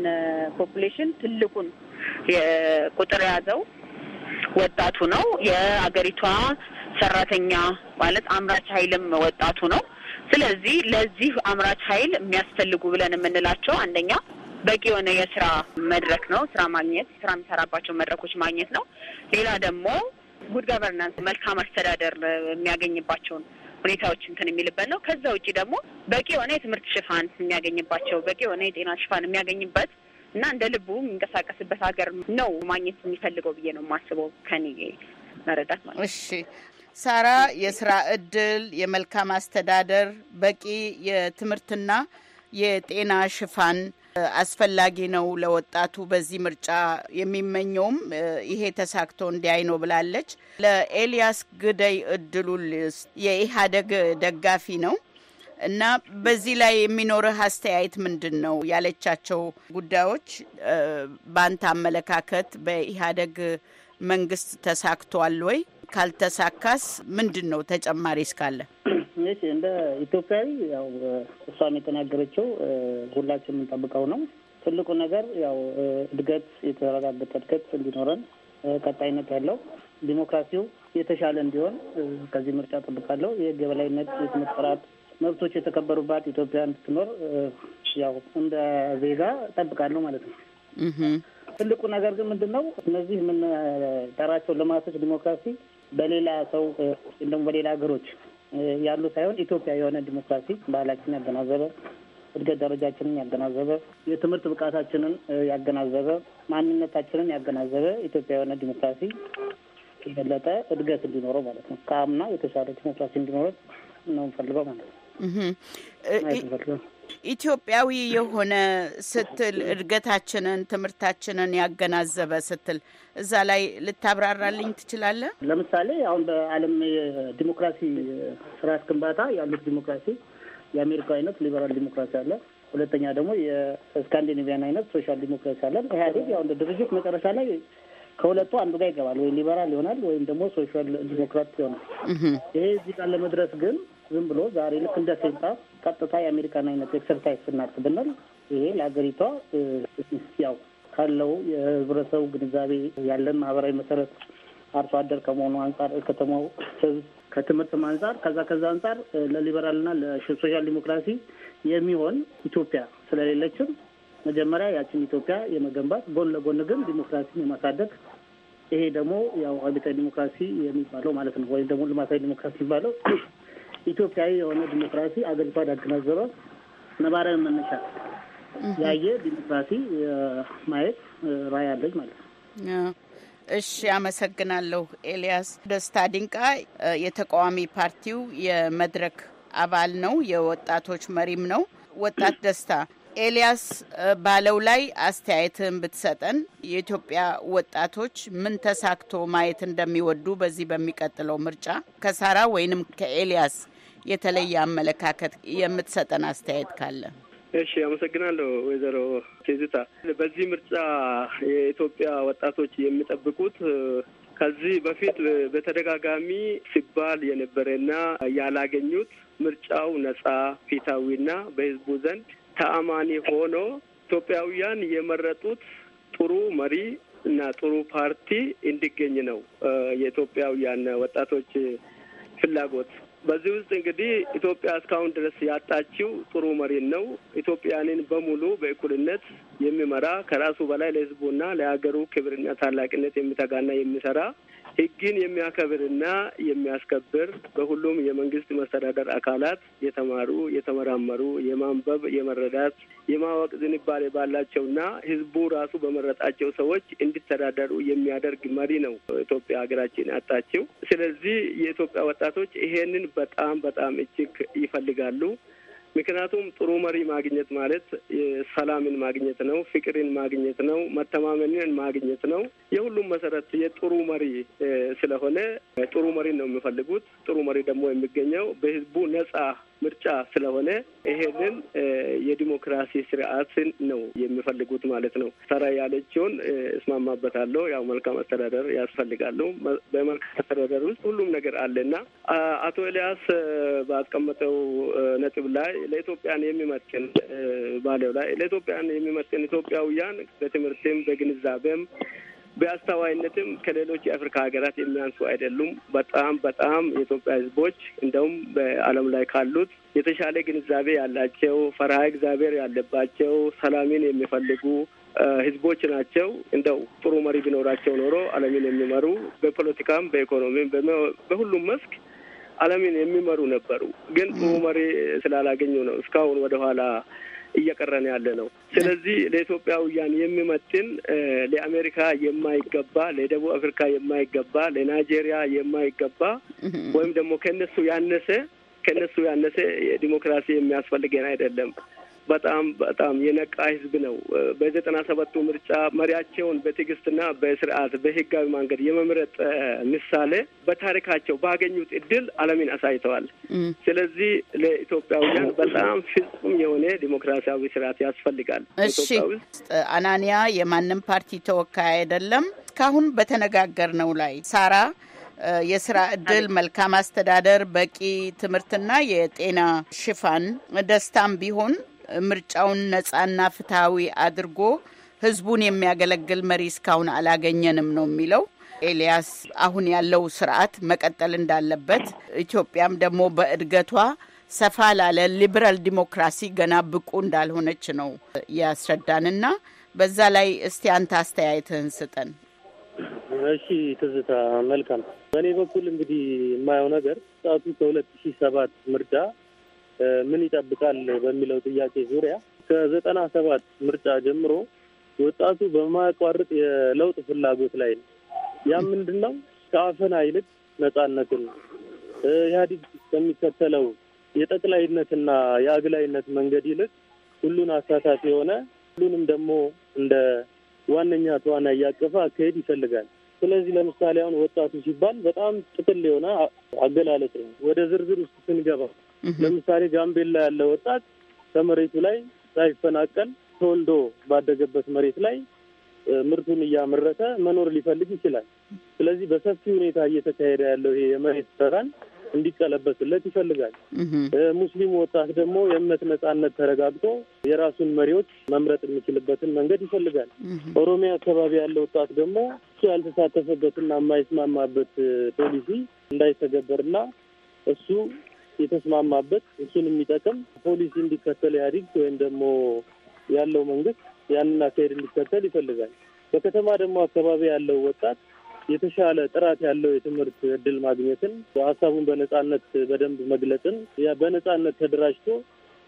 ፖፑሌሽን ትልቁን ቁጥር የያዘው ወጣቱ ነው። የአገሪቷ ሰራተኛ ማለት አምራች ኃይልም ወጣቱ ነው። ስለዚህ ለዚህ አምራች ኃይል የሚያስፈልጉ ብለን የምንላቸው አንደኛ በቂ የሆነ የስራ መድረክ ነው፣ ስራ ማግኘት፣ ስራ የሚሰራባቸው መድረኮች ማግኘት ነው። ሌላ ደግሞ ጉድ ገቨርናንስ መልካም አስተዳደር የሚያገኝባቸውን ሁኔታዎች እንትን የሚልበት ነው። ከዛ ውጭ ደግሞ በቂ የሆነ የትምህርት ሽፋን የሚያገኝባቸው በቂ የሆነ የጤና ሽፋን የሚያገኝበት እና እንደ ልቡ የሚንቀሳቀስበት ሀገር ነው ማግኘት የሚፈልገው ብዬ ነው የማስበው ከኔ መረዳት ማለት ነው። እሺ ሳራ የስራ እድል፣ የመልካም አስተዳደር፣ በቂ የትምህርትና የጤና ሽፋን አስፈላጊ ነው ለወጣቱ። በዚህ ምርጫ የሚመኘውም ይሄ ተሳክቶ እንዲያይ ነው ብላለች። ለኤልያስ ግደይ እድሉል የኢህአዴግ ደጋፊ ነው እና በዚህ ላይ የሚኖርህ አስተያየት ምንድን ነው? ያለቻቸው ጉዳዮች በአንተ አመለካከት በኢህአዴግ መንግስት ተሳክቷል ወይ? ካልተሳካስ ምንድን ነው ተጨማሪ እስካለ? እሺ እንደ ኢትዮጵያዊ ያው እሷም የተናገረችው ሁላችን የምንጠብቀው ነው። ትልቁ ነገር ያው እድገት፣ የተረጋገጠ እድገት እንዲኖረን ቀጣይነት ያለው ዲሞክራሲው የተሻለ እንዲሆን ከዚህ ምርጫ ጠብቃለሁ። የህግ የበላይነት፣ የትምህርት መብቶች የተከበሩባት ኢትዮጵያ እንድትኖር ያው እንደ ዜጋ ጠብቃለሁ ማለት ነው። ትልቁ ነገር ግን ምንድን ነው እነዚህ የምንጠራቸው ልማቶች ዲሞክራሲ በሌላ ሰው ደግሞ በሌላ ሀገሮች ያሉ ሳይሆን ኢትዮጵያ የሆነ ዲሞክራሲ ባህላችን ያገናዘበ እድገት ደረጃችንን ያገናዘበ የትምህርት ብቃታችንን ያገናዘበ ማንነታችንን ያገናዘበ ኢትዮጵያ የሆነ ዲሞክራሲ የበለጠ እድገት እንዲኖረው ማለት ነው። ከአምና የተሻለ ዲሞክራሲ እንዲኖረው ነው እንፈልገው ማለት ነው። ኢትዮጵያዊ የሆነ ስትል እድገታችንን፣ ትምህርታችንን ያገናዘበ ስትል እዛ ላይ ልታብራራልኝ ትችላለህ? ለምሳሌ አሁን በዓለም የዲሞክራሲ ስርዓት ግንባታ ያሉት ዲሞክራሲ የአሜሪካ አይነት ሊበራል ዲሞክራሲ አለ። ሁለተኛ ደግሞ የስካንዲኔቪያን አይነት ሶሻል ዲሞክራሲ አለ። ኢህአዴግ ያው እንደ ድርጅት መጨረሻ ላይ ከሁለቱ አንዱ ጋር ይገባል። ወይ ሊበራል ይሆናል ወይም ደግሞ ሶሻል ዲሞክራት ይሆናል። ይሄ እዚህ ጋር ለመድረስ ግን ዝም ብሎ ዛሬ ልክ እንደ ሴንታ ቀጥታ የአሜሪካን አይነት ኤክሰርሳይዝ ስናት ብናል ይሄ ለሀገሪቷ ያው ካለው የህብረተሰቡ ግንዛቤ ያለን ማህበራዊ መሰረት አርሶ አደር ከመሆኑ አንጻር ከተማው ህዝብ ከትምህርትም አንጻር ከዛ ከዛ አንጻር ለሊበራልና ለሶሻል ዲሞክራሲ የሚሆን ኢትዮጵያ ስለሌለችም መጀመሪያ ያችን ኢትዮጵያ የመገንባት ጎን ለጎን ግን ዲሞክራሲን የማሳደግ ይሄ ደግሞ ያው አብዮታዊ ዲሞክራሲ የሚባለው ማለት ነው ወይም ደግሞ ልማታዊ ዲሞክራሲ የሚባለው ኢትዮጵያዊ የሆነ ዲሞክራሲ አገሪቷን ያገናዘበ ነባራዊ መነሻ ያየ ዲሞክራሲ ማየት ራዕይ አለኝ ማለት ነው። እሺ፣ አመሰግናለሁ ኤልያስ ደስታ ድንቃ የተቃዋሚ ፓርቲው የመድረክ አባል ነው፣ የወጣቶች መሪም ነው። ወጣት ደስታ ኤልያስ ባለው ላይ አስተያየትህን ብትሰጠን የኢትዮጵያ ወጣቶች ምን ተሳክቶ ማየት እንደሚወዱ በዚህ በሚቀጥለው ምርጫ ከሳራ ወይንም ከኤልያስ የተለየ አመለካከት የምትሰጠን አስተያየት ካለ? እሺ፣ አመሰግናለሁ ወይዘሮ ኬዝታ። በዚህ ምርጫ የኢትዮጵያ ወጣቶች የሚጠብቁት ከዚህ በፊት በተደጋጋሚ ሲባል የነበረና ያላገኙት ምርጫው ነጻ ፊታዊና በህዝቡ ዘንድ ተአማኒ ሆኖ ኢትዮጵያውያን የመረጡት ጥሩ መሪ እና ጥሩ ፓርቲ እንዲገኝ ነው የኢትዮጵያውያን ወጣቶች ፍላጎት። በዚህ ውስጥ እንግዲህ ኢትዮጵያ እስካሁን ድረስ ያጣችው ጥሩ መሪን ነው። ኢትዮጵያንን በሙሉ በእኩልነት የሚመራ ከራሱ በላይ ለሕዝቡና ለሀገሩ ክብርና ታላቅነት የሚተጋና የሚሰራ ሕግን የሚያከብርና የሚያስከብር በሁሉም የመንግስት መስተዳደር አካላት የተማሩ፣ የተመራመሩ፣ የማንበብ፣ የመረዳት፣ የማወቅ ዝንባሌ ባላቸውና ህዝቡ ራሱ በመረጣቸው ሰዎች እንዲተዳደሩ የሚያደርግ መሪ ነው ኢትዮጵያ ሀገራችን አጣችው። ስለዚህ የኢትዮጵያ ወጣቶች ይሄንን በጣም በጣም እጅግ ይፈልጋሉ። ምክንያቱም ጥሩ መሪ ማግኘት ማለት ሰላምን ማግኘት ነው፣ ፍቅርን ማግኘት ነው፣ መተማመንን ማግኘት ነው። የሁሉም መሰረት የጥሩ መሪ ስለሆነ ጥሩ መሪ ነው የሚፈልጉት። ጥሩ መሪ ደግሞ የሚገኘው በህዝቡ ነጻ ምርጫ ስለሆነ ይሄንን የዲሞክራሲ ስርዓትን ነው የሚፈልጉት ማለት ነው። ሰራ ያለችውን እስማማበታለሁ። ያው መልካም አስተዳደር ያስፈልጋሉ። በመልካም አስተዳደር ውስጥ ሁሉም ነገር አለና አቶ ኤልያስ ባስቀመጠው ነጥብ ላይ ለኢትዮጵያን የሚመጥን ባለው ላይ ለኢትዮጵያን የሚመጥን ኢትዮጵያውያን በትምህርትም በግንዛቤም በአስተዋይነትም ከሌሎች የአፍሪካ ሀገራት የሚያንሱ አይደሉም። በጣም በጣም የኢትዮጵያ ሕዝቦች እንደውም በዓለም ላይ ካሉት የተሻለ ግንዛቤ ያላቸው ፈርሃ እግዚአብሔር ያለባቸው ሰላምን የሚፈልጉ ሕዝቦች ናቸው። እንደው ጥሩ መሪ ቢኖራቸው ኖሮ ዓለምን የሚመሩ በፖለቲካም፣ በኢኮኖሚም በሁሉም መስክ ዓለምን የሚመሩ ነበሩ። ግን ጥሩ መሪ ስላላገኙ ነው እስካሁን ወደኋላ እየቀረን ያለ ነው። ስለዚህ ለኢትዮጵያውያን የሚመጥን ለአሜሪካ የማይገባ ለደቡብ አፍሪካ የማይገባ ለናይጄሪያ የማይገባ ወይም ደግሞ ከነሱ ያነሰ ከነሱ ያነሰ ዲሞክራሲ የሚያስፈልገን አይደለም። በጣም በጣም የነቃ ህዝብ ነው። በዘጠና ሰባቱ ምርጫ መሪያቸውን በትዕግስትና በስርዓት በህጋዊ መንገድ የመምረጥ ምሳሌ በታሪካቸው ባገኙት እድል ዓለምን አሳይተዋል። ስለዚህ ለኢትዮጵያውያን በጣም ፍጹም የሆነ ዲሞክራሲያዊ ስርዓት ያስፈልጋል። እሺ አናንያ የማንም ፓርቲ ተወካይ አይደለም። እስካሁን በተነጋገርነው ላይ ሳራ የስራ እድል፣ መልካም አስተዳደር፣ በቂ ትምህርትና የጤና ሽፋን ደስታም ቢሆን ምርጫውን ነጻና ፍትሐዊ አድርጎ ህዝቡን የሚያገለግል መሪ እስካሁን አላገኘንም ነው የሚለው። ኤልያስ አሁን ያለው ስርዓት መቀጠል እንዳለበት ኢትዮጵያም ደግሞ በእድገቷ ሰፋ ላለ ሊበራል ዲሞክራሲ ገና ብቁ እንዳልሆነች ነው ያስረዳንና በዛ ላይ እስቲ አንተ አስተያየትህን ስጠን። እሺ ትዝታ፣ መልካም። በእኔ በኩል እንግዲህ የማየው ነገር ሰዓቱ ከሁለት ሺህ ሰባት ምርጫ ምን ይጠብቃል በሚለው ጥያቄ ዙሪያ ከዘጠና ሰባት ምርጫ ጀምሮ ወጣቱ በማያቋርጥ የለውጥ ፍላጎት ላይ ነው። ያም ምንድን ነው? ከአፈና ይልቅ ነጻነትን ኢህአዲግ ከሚከተለው የጠቅላይነትና የአግላይነት መንገድ ይልቅ ሁሉን አሳታፊ የሆነ ሁሉንም ደግሞ እንደ ዋነኛ ተዋናይ እያቀፈ አካሄድ ይፈልጋል። ስለዚህ ለምሳሌ አሁን ወጣቱ ሲባል በጣም ጥቅል የሆነ አገላለጽ ነው። ወደ ዝርዝር ውስጥ ስንገባ ለምሳሌ ጋምቤላ ያለ ወጣት ከመሬቱ ላይ ሳይፈናቀል ተወልዶ ባደገበት መሬት ላይ ምርቱን እያመረተ መኖር ሊፈልግ ይችላል። ስለዚህ በሰፊ ሁኔታ እየተካሄደ ያለው ይሄ የመሬት ሰራን እንዲቀለበስለት ይፈልጋል። ሙስሊሙ ወጣት ደግሞ የእምነት ነጻነት ተረጋግጦ የራሱን መሪዎች መምረጥ የሚችልበትን መንገድ ይፈልጋል። ኦሮሚያ አካባቢ ያለ ወጣት ደግሞ እሱ ያልተሳተፈበትና የማይስማማበት ፖሊሲ እንዳይተገበርና እሱ የተስማማበት እሱን የሚጠቅም ፖሊሲ እንዲከተል ኢህአዴግ ወይም ደግሞ ያለው መንግስት ያንን አካሄድ እንዲከተል ይፈልጋል። በከተማ ደግሞ አካባቢ ያለው ወጣት የተሻለ ጥራት ያለው የትምህርት እድል ማግኘትን፣ ሀሳቡን በነጻነት በደንብ መግለጽን፣ በነጻነት ተደራጅቶ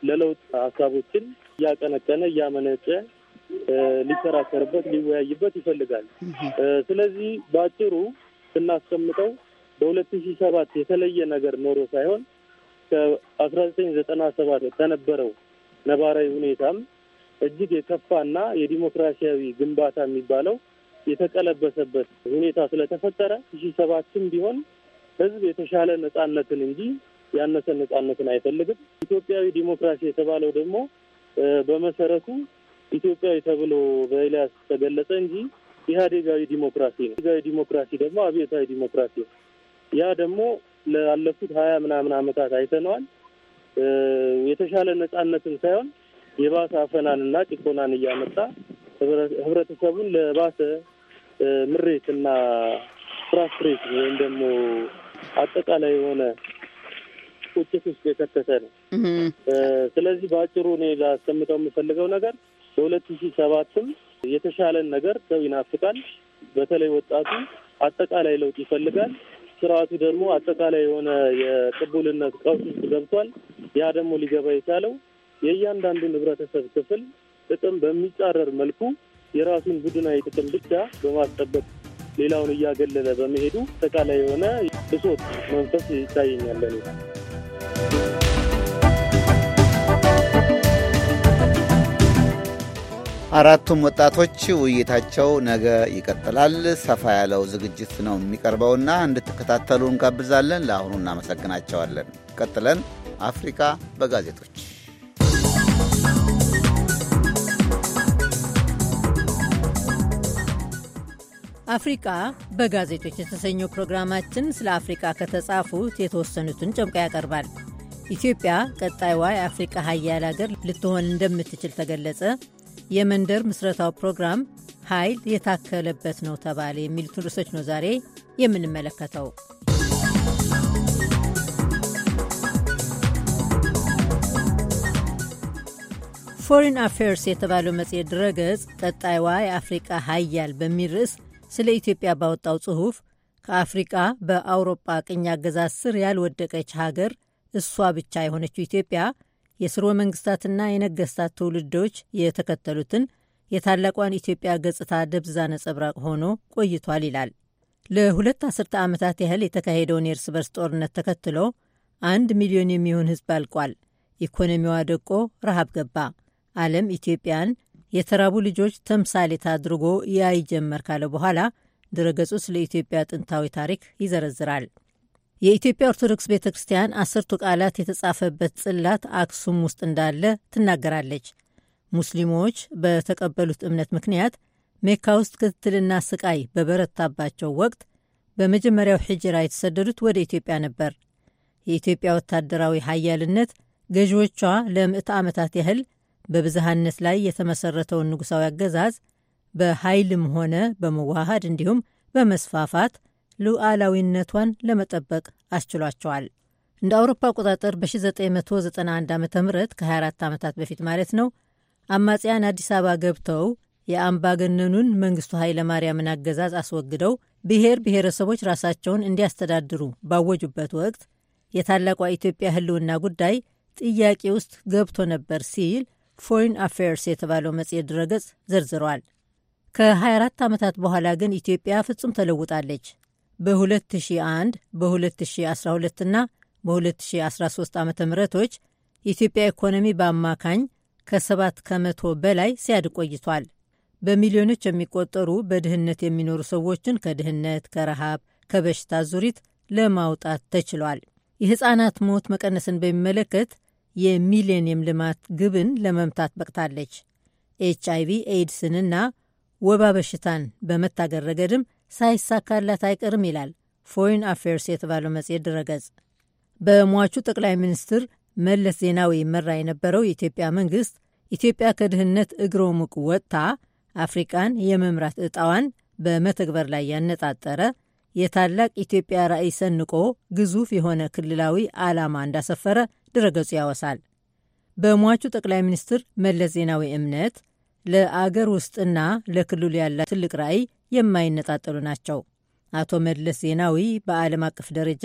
ለለውጥ ሀሳቦችን እያቀነቀነ እያመነጨ ሊከራከርበት ሊወያይበት ይፈልጋል። ስለዚህ በአጭሩ ስናስቀምጠው በሁለት ሺህ ሰባት የተለየ ነገር ኖሮ ሳይሆን ከ ዘጠኝ ዘጠና ሰባት ከነበረው ነባራዊ ሁኔታም እጅግ የከፋና የዲሞክራሲያዊ ግንባታ የሚባለው የተቀለበሰበት ሁኔታ ስለተፈጠረ ሺ ሰባትም ቢሆን ህዝብ የተሻለ ነጻነትን እንጂ ያነሰ ነጻነትን አይፈልግም። ኢትዮጵያዊ ዲሞክራሲ የተባለው ደግሞ በመሰረቱ ኢትዮጵያዊ ተብሎ በኤልያስ ተገለጸ እንጂ ኢህአዴጋዊ ዲሞክራሲ ነው። ኢህአዴጋዊ ዲሞክራሲ ደግሞ አብዮታዊ ዲሞክራሲ ነው። ያ ደግሞ ላለፉት ሀያ ምናምን አመታት አይተነዋል። የተሻለ ነጻነትን ሳይሆን የባሰ አፈናንና ጭቆናን እያመጣ ህብረተሰቡን ለባሰ ምሬትና ፍራስትሬት ወይም ደግሞ አጠቃላይ የሆነ ቁጭት ውስጥ የከተተ ነው። ስለዚህ በአጭሩ እኔ ላስቀምጠው የምፈልገው ነገር በሁለት ሺህ ሰባትም የተሻለን ነገር ሰው ይናፍቃል። በተለይ ወጣቱ አጠቃላይ ለውጥ ይፈልጋል። ስርዓቱ ደግሞ አጠቃላይ የሆነ የቅቡልነት ቀውስ ውስጥ ገብቷል። ያ ደግሞ ሊገባ የቻለው የእያንዳንዱን ህብረተሰብ ክፍል ጥቅም በሚጻረር መልኩ የራሱን ቡድናዊ ጥቅም ብቻ በማስጠበቅ ሌላውን እያገለለ በመሄዱ አጠቃላይ የሆነ ብሶት መንፈስ ይታየኛል። አራቱም ወጣቶች ውይይታቸው ነገ ይቀጥላል። ሰፋ ያለው ዝግጅት ነው የሚቀርበውና እንድትከታተሉ እንጋብዛለን። ለአሁኑ እናመሰግናቸዋለን። ቀጥለን አፍሪካ በጋዜጦች አፍሪቃ በጋዜጦች የተሰኘው ፕሮግራማችን ስለ አፍሪቃ ከተጻፉት የተወሰኑትን ጨምቆ ያቀርባል። ኢትዮጵያ ቀጣይዋ የአፍሪቃ ሀያል አገር ልትሆን እንደምትችል ተገለጸ። የመንደር ምስረታው ፕሮግራም ኃይል የታከለበት ነው ተባለ የሚሉትን ርዕሶች ነው ዛሬ የምንመለከተው። ፎሪን አፌርስ የተባለው መጽሔት ድረገጽ ቀጣይዋ የአፍሪቃ ሀያል በሚል ርዕስ ስለ ኢትዮጵያ ባወጣው ጽሑፍ ከአፍሪቃ በአውሮጳ ቅኝ አገዛዝ ስር ያልወደቀች ሀገር እሷ ብቻ የሆነችው ኢትዮጵያ የስርወ መንግስታትና የነገስታት ትውልዶች የተከተሉትን የታላቋን ኢትዮጵያ ገጽታ ደብዛ ነጸብራቅ ሆኖ ቆይቷል ይላል። ለሁለት አስርተ ዓመታት ያህል የተካሄደውን የእርስ በርስ ጦርነት ተከትሎ አንድ ሚሊዮን የሚሆን ህዝብ አልቋል። ኢኮኖሚዋ ደቆ ረሃብ ገባ። ዓለም ኢትዮጵያን የተራቡ ልጆች ተምሳሌት አድርጎ ያይጀመር ካለ በኋላ ድረገጹ ስለ ኢትዮጵያ ጥንታዊ ታሪክ ይዘረዝራል። የኢትዮጵያ ኦርቶዶክስ ቤተ ክርስቲያን አስርቱ ቃላት የተጻፈበት ጽላት አክሱም ውስጥ እንዳለ ትናገራለች። ሙስሊሞች በተቀበሉት እምነት ምክንያት ሜካ ውስጥ ክትትልና ስቃይ በበረታባቸው ወቅት በመጀመሪያው ሕጅራ የተሰደዱት ወደ ኢትዮጵያ ነበር። የኢትዮጵያ ወታደራዊ ሀያልነት ገዢዎቿ ለምዕተ ዓመታት ያህል በብዝሃነት ላይ የተመሰረተውን ንጉሳዊ አገዛዝ በኃይልም ሆነ በመዋሃድ እንዲሁም በመስፋፋት ሉዓላዊነቷን ለመጠበቅ አስችሏቸዋል። እንደ አውሮፓ አቆጣጠር በ1991 ዓ ም ከ24 ዓመታት በፊት ማለት ነው። አማጽያን አዲስ አበባ ገብተው የአምባገነኑን መንግስቱ ኃይለ ማርያምን አገዛዝ አስወግደው ብሔር ብሔረሰቦች ራሳቸውን እንዲያስተዳድሩ ባወጁበት ወቅት የታላቋ ኢትዮጵያ ሕልውና ጉዳይ ጥያቄ ውስጥ ገብቶ ነበር ሲል ፎሪን አፌርስ የተባለው መጽሔት ድረገጽ ዘርዝሯል። ከ24 ዓመታት በኋላ ግን ኢትዮጵያ ፍጹም ተለውጣለች። በ2001 በ2012 እና በ2013 ዓ ምቶች የኢትዮጵያ ኢኮኖሚ በአማካኝ ከ7 ከመቶ በላይ ሲያድግ ቆይቷል። በሚሊዮኖች የሚቆጠሩ በድህነት የሚኖሩ ሰዎችን ከድህነት፣ ከረሃብ፣ ከበሽታ ዙሪት ለማውጣት ተችሏል። የሕፃናት ሞት መቀነስን በሚመለከት የሚሌኒየም ልማት ግብን ለመምታት በቅታለች። ኤች አይቪ ኤድስንና ወባ በሽታን በመታገር ረገድም ሳይሳካላት አይቀርም ይላል ፎሪን አፌርስ የተባለው መጽሔት ድረገጽ። በሟቹ ጠቅላይ ሚኒስትር መለስ ዜናዊ መራ የነበረው የኢትዮጵያ መንግስት ኢትዮጵያ ከድህነት እግሮ ሙቅ ወጥታ አፍሪቃን የመምራት እጣዋን በመተግበር ላይ ያነጣጠረ የታላቅ ኢትዮጵያ ራዕይ ሰንቆ ግዙፍ የሆነ ክልላዊ ዓላማ እንዳሰፈረ ድረገጹ ያወሳል። በሟቹ ጠቅላይ ሚኒስትር መለስ ዜናዊ እምነት ለአገር ውስጥና ለክልሉ ያላት ትልቅ ራዕይ የማይነጣጠሉ ናቸው። አቶ መለስ ዜናዊ በዓለም አቀፍ ደረጃ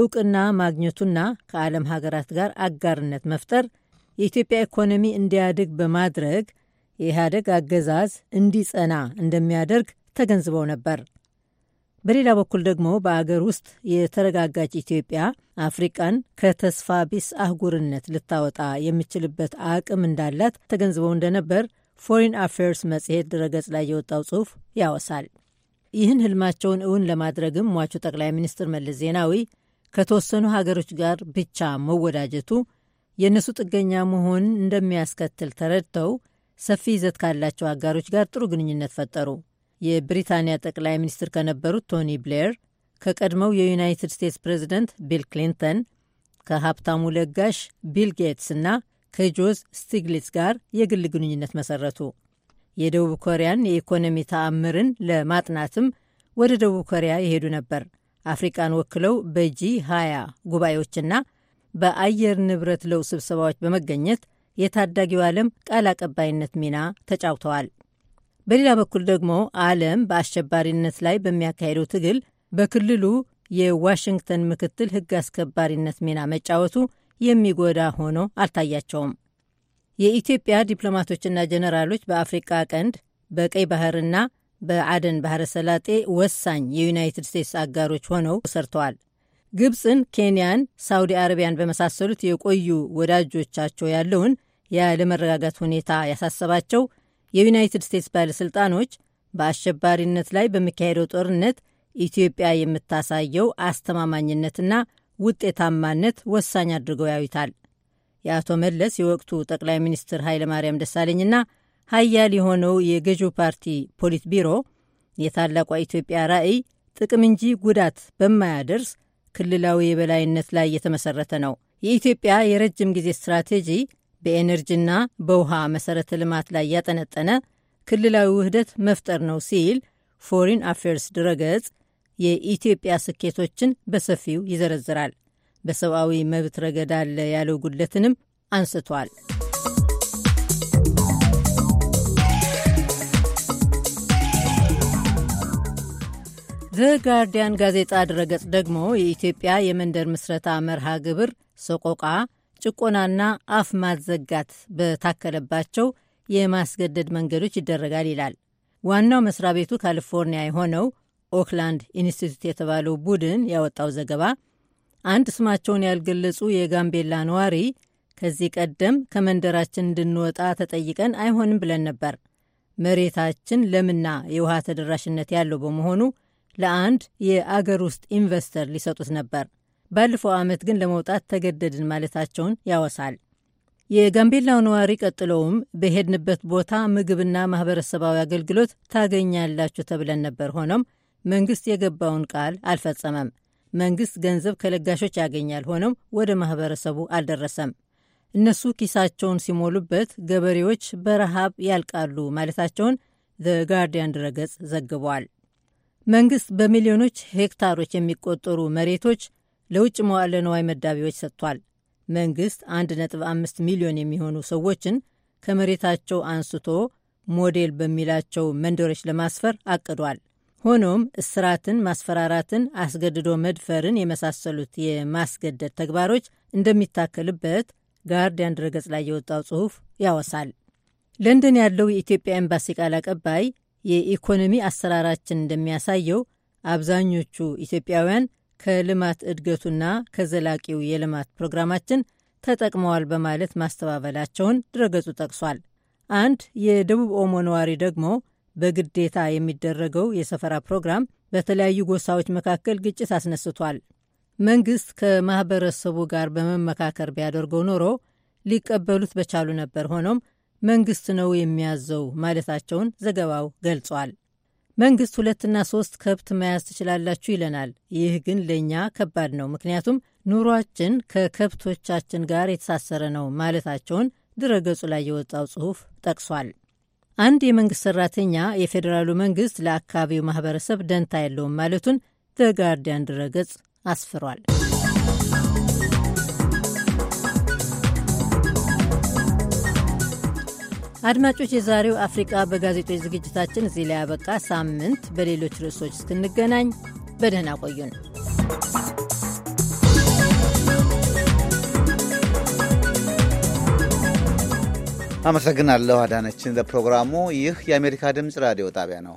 እውቅና ማግኘቱና ከዓለም ሀገራት ጋር አጋርነት መፍጠር የኢትዮጵያ ኢኮኖሚ እንዲያድግ በማድረግ የኢህአደግ አገዛዝ እንዲጸና እንደሚያደርግ ተገንዝበው ነበር። በሌላ በኩል ደግሞ በአገር ውስጥ የተረጋጋች ኢትዮጵያ አፍሪቃን ከተስፋ ቢስ አህጉርነት ልታወጣ የምችልበት አቅም እንዳላት ተገንዝበው እንደነበር ፎሪን አፌርስ መጽሔት ድረገጽ ላይ የወጣው ጽሑፍ ያወሳል። ይህን ህልማቸውን እውን ለማድረግም ሟቹ ጠቅላይ ሚኒስትር መለስ ዜናዊ ከተወሰኑ ሀገሮች ጋር ብቻ መወዳጀቱ የእነሱ ጥገኛ መሆን እንደሚያስከትል ተረድተው ሰፊ ይዘት ካላቸው አጋሮች ጋር ጥሩ ግንኙነት ፈጠሩ። የብሪታንያ ጠቅላይ ሚኒስትር ከነበሩት ቶኒ ብሌር፣ ከቀድሞው የዩናይትድ ስቴትስ ፕሬዚደንት ቢል ክሊንተን፣ ከሀብታሙ ለጋሽ ቢል ጌትስ እና ከጆዝ ስቲግሊትስ ጋር የግል ግንኙነት መሰረቱ። የደቡብ ኮሪያን የኢኮኖሚ ተአምርን ለማጥናትም ወደ ደቡብ ኮሪያ የሄዱ ነበር። አፍሪቃን ወክለው በጂ 20 ጉባኤዎችና በአየር ንብረት ለውጥ ስብሰባዎች በመገኘት የታዳጊው ዓለም ቃል አቀባይነት ሚና ተጫውተዋል። በሌላ በኩል ደግሞ ዓለም በአሸባሪነት ላይ በሚያካሄደው ትግል በክልሉ የዋሽንግተን ምክትል ሕግ አስከባሪነት ሚና መጫወቱ የሚጎዳ ሆኖ አልታያቸውም። የኢትዮጵያ ዲፕሎማቶችና ጀነራሎች በአፍሪቃ ቀንድ በቀይ ባህርና በአደን ባህረ ሰላጤ ወሳኝ የዩናይትድ ስቴትስ አጋሮች ሆነው ሰርተዋል። ግብፅን፣ ኬንያን፣ ሳውዲ አረቢያን በመሳሰሉት የቆዩ ወዳጆቻቸው ያለውን ያለመረጋጋት ሁኔታ ያሳሰባቸው የዩናይትድ ስቴትስ ባለሥልጣኖች በአሸባሪነት ላይ በሚካሄደው ጦርነት ኢትዮጵያ የምታሳየው አስተማማኝነትና ውጤታማነት ወሳኝ አድርገው ያዩታል። የአቶ መለስ የወቅቱ ጠቅላይ ሚኒስትር ኃይለ ማርያም ደሳለኝና ሀያል የሆነው የገዢው ፓርቲ ፖሊት ቢሮ የታላቋ ኢትዮጵያ ራዕይ ጥቅም እንጂ ጉዳት በማያደርስ ክልላዊ የበላይነት ላይ የተመሰረተ ነው። የኢትዮጵያ የረጅም ጊዜ ስትራቴጂ በኤነርጂና በውሃ መሰረተ ልማት ላይ ያጠነጠነ ክልላዊ ውህደት መፍጠር ነው ሲል ፎሪን አፌርስ ድረገጽ የኢትዮጵያ ስኬቶችን በሰፊው ይዘረዝራል። በሰብአዊ መብት ረገድ አለ ያለው ጉድለትንም አንስቷል። ዘ ጋርዲያን ጋዜጣ ድረገጽ ደግሞ የኢትዮጵያ የመንደር ምስረታ መርሃ ግብር ሰቆቃ፣ ጭቆናና አፍ ማዘጋት በታከለባቸው የማስገደድ መንገዶች ይደረጋል ይላል። ዋናው መስሪያ ቤቱ ካሊፎርኒያ የሆነው ኦክላንድ ኢንስቲትዩት የተባለው ቡድን ያወጣው ዘገባ አንድ ስማቸውን ያልገለጹ የጋምቤላ ነዋሪ ከዚህ ቀደም ከመንደራችን እንድንወጣ ተጠይቀን አይሆንም ብለን ነበር። መሬታችን ለምና የውሃ ተደራሽነት ያለው በመሆኑ ለአንድ የአገር ውስጥ ኢንቨስተር ሊሰጡት ነበር። ባለፈው ዓመት ግን ለመውጣት ተገደድን ማለታቸውን ያወሳል። የጋምቤላው ነዋሪ ቀጥለውም በሄድንበት ቦታ ምግብና ማህበረሰባዊ አገልግሎት ታገኛላችሁ ተብለን ነበር። ሆኖም መንግስት የገባውን ቃል አልፈጸመም። መንግስት ገንዘብ ከለጋሾች ያገኛል፣ ሆኖም ወደ ማህበረሰቡ አልደረሰም። እነሱ ኪሳቸውን ሲሞሉበት ገበሬዎች በረሃብ ያልቃሉ ማለታቸውን ዘ ጋርዲያን ድረገጽ ዘግቧል። መንግስት በሚሊዮኖች ሄክታሮች የሚቆጠሩ መሬቶች ለውጭ መዋዕለ ነዋይ መዳቢዎች ሰጥቷል። መንግስት 1.5 ሚሊዮን የሚሆኑ ሰዎችን ከመሬታቸው አንስቶ ሞዴል በሚላቸው መንደሮች ለማስፈር አቅዷል። ሆኖም እስራትን፣ ማስፈራራትን፣ አስገድዶ መድፈርን የመሳሰሉት የማስገደድ ተግባሮች እንደሚታከልበት ጋርዲያን ድረገጽ ላይ የወጣው ጽሑፍ ያወሳል። ለንደን ያለው የኢትዮጵያ ኤምባሲ ቃል አቀባይ የኢኮኖሚ አሰራራችን እንደሚያሳየው አብዛኞቹ ኢትዮጵያውያን ከልማት እድገቱና ከዘላቂው የልማት ፕሮግራማችን ተጠቅመዋል በማለት ማስተባበላቸውን ድረገጹ ጠቅሷል። አንድ የደቡብ ኦሞ ነዋሪ ደግሞ በግዴታ የሚደረገው የሰፈራ ፕሮግራም በተለያዩ ጎሳዎች መካከል ግጭት አስነስቷል። መንግስት ከማኅበረሰቡ ጋር በመመካከር ቢያደርገው ኖሮ ሊቀበሉት በቻሉ ነበር። ሆኖም መንግስት ነው የሚያዘው ማለታቸውን ዘገባው ገልጿል። መንግስት ሁለትና ሶስት ከብት መያዝ ትችላላችሁ ይለናል። ይህ ግን ለእኛ ከባድ ነው፣ ምክንያቱም ኑሯችን ከከብቶቻችን ጋር የተሳሰረ ነው ማለታቸውን ድረገጹ ላይ የወጣው ጽሑፍ ጠቅሷል። አንድ የመንግስት ሰራተኛ የፌዴራሉ መንግስት ለአካባቢው ማህበረሰብ ደንታ የለውም ማለቱን ጋርዲያን ድረገጽ አስፍሯል። አድማጮች፣ የዛሬው አፍሪቃ በጋዜጦች ዝግጅታችን እዚህ ላይ ያበቃ። ሳምንት በሌሎች ርዕሶች እስክንገናኝ በደህና ቆዩን። አመሰግናለሁ አዳነችን ለፕሮግራሙ። ይህ የአሜሪካ ድምፅ ራዲዮ ጣቢያ ነው።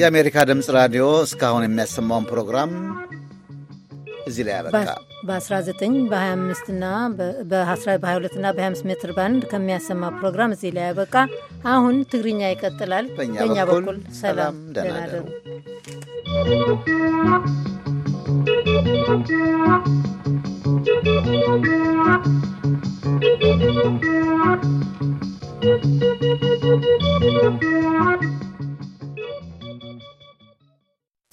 የአሜሪካ ድምፅ ራዲዮ እስካሁን የሚያሰማውን ፕሮግራም እዚህ ላይ ያበቃ። በ19 በ25 እና በ22 እና በ25 ሜትር ባንድ ከሚያሰማ ፕሮግራም እዚህ ላይ ያበቃ። አሁን ትግርኛ ይቀጥላል። በእኛ በኩል ሰላም፣ ደህና ደሩ።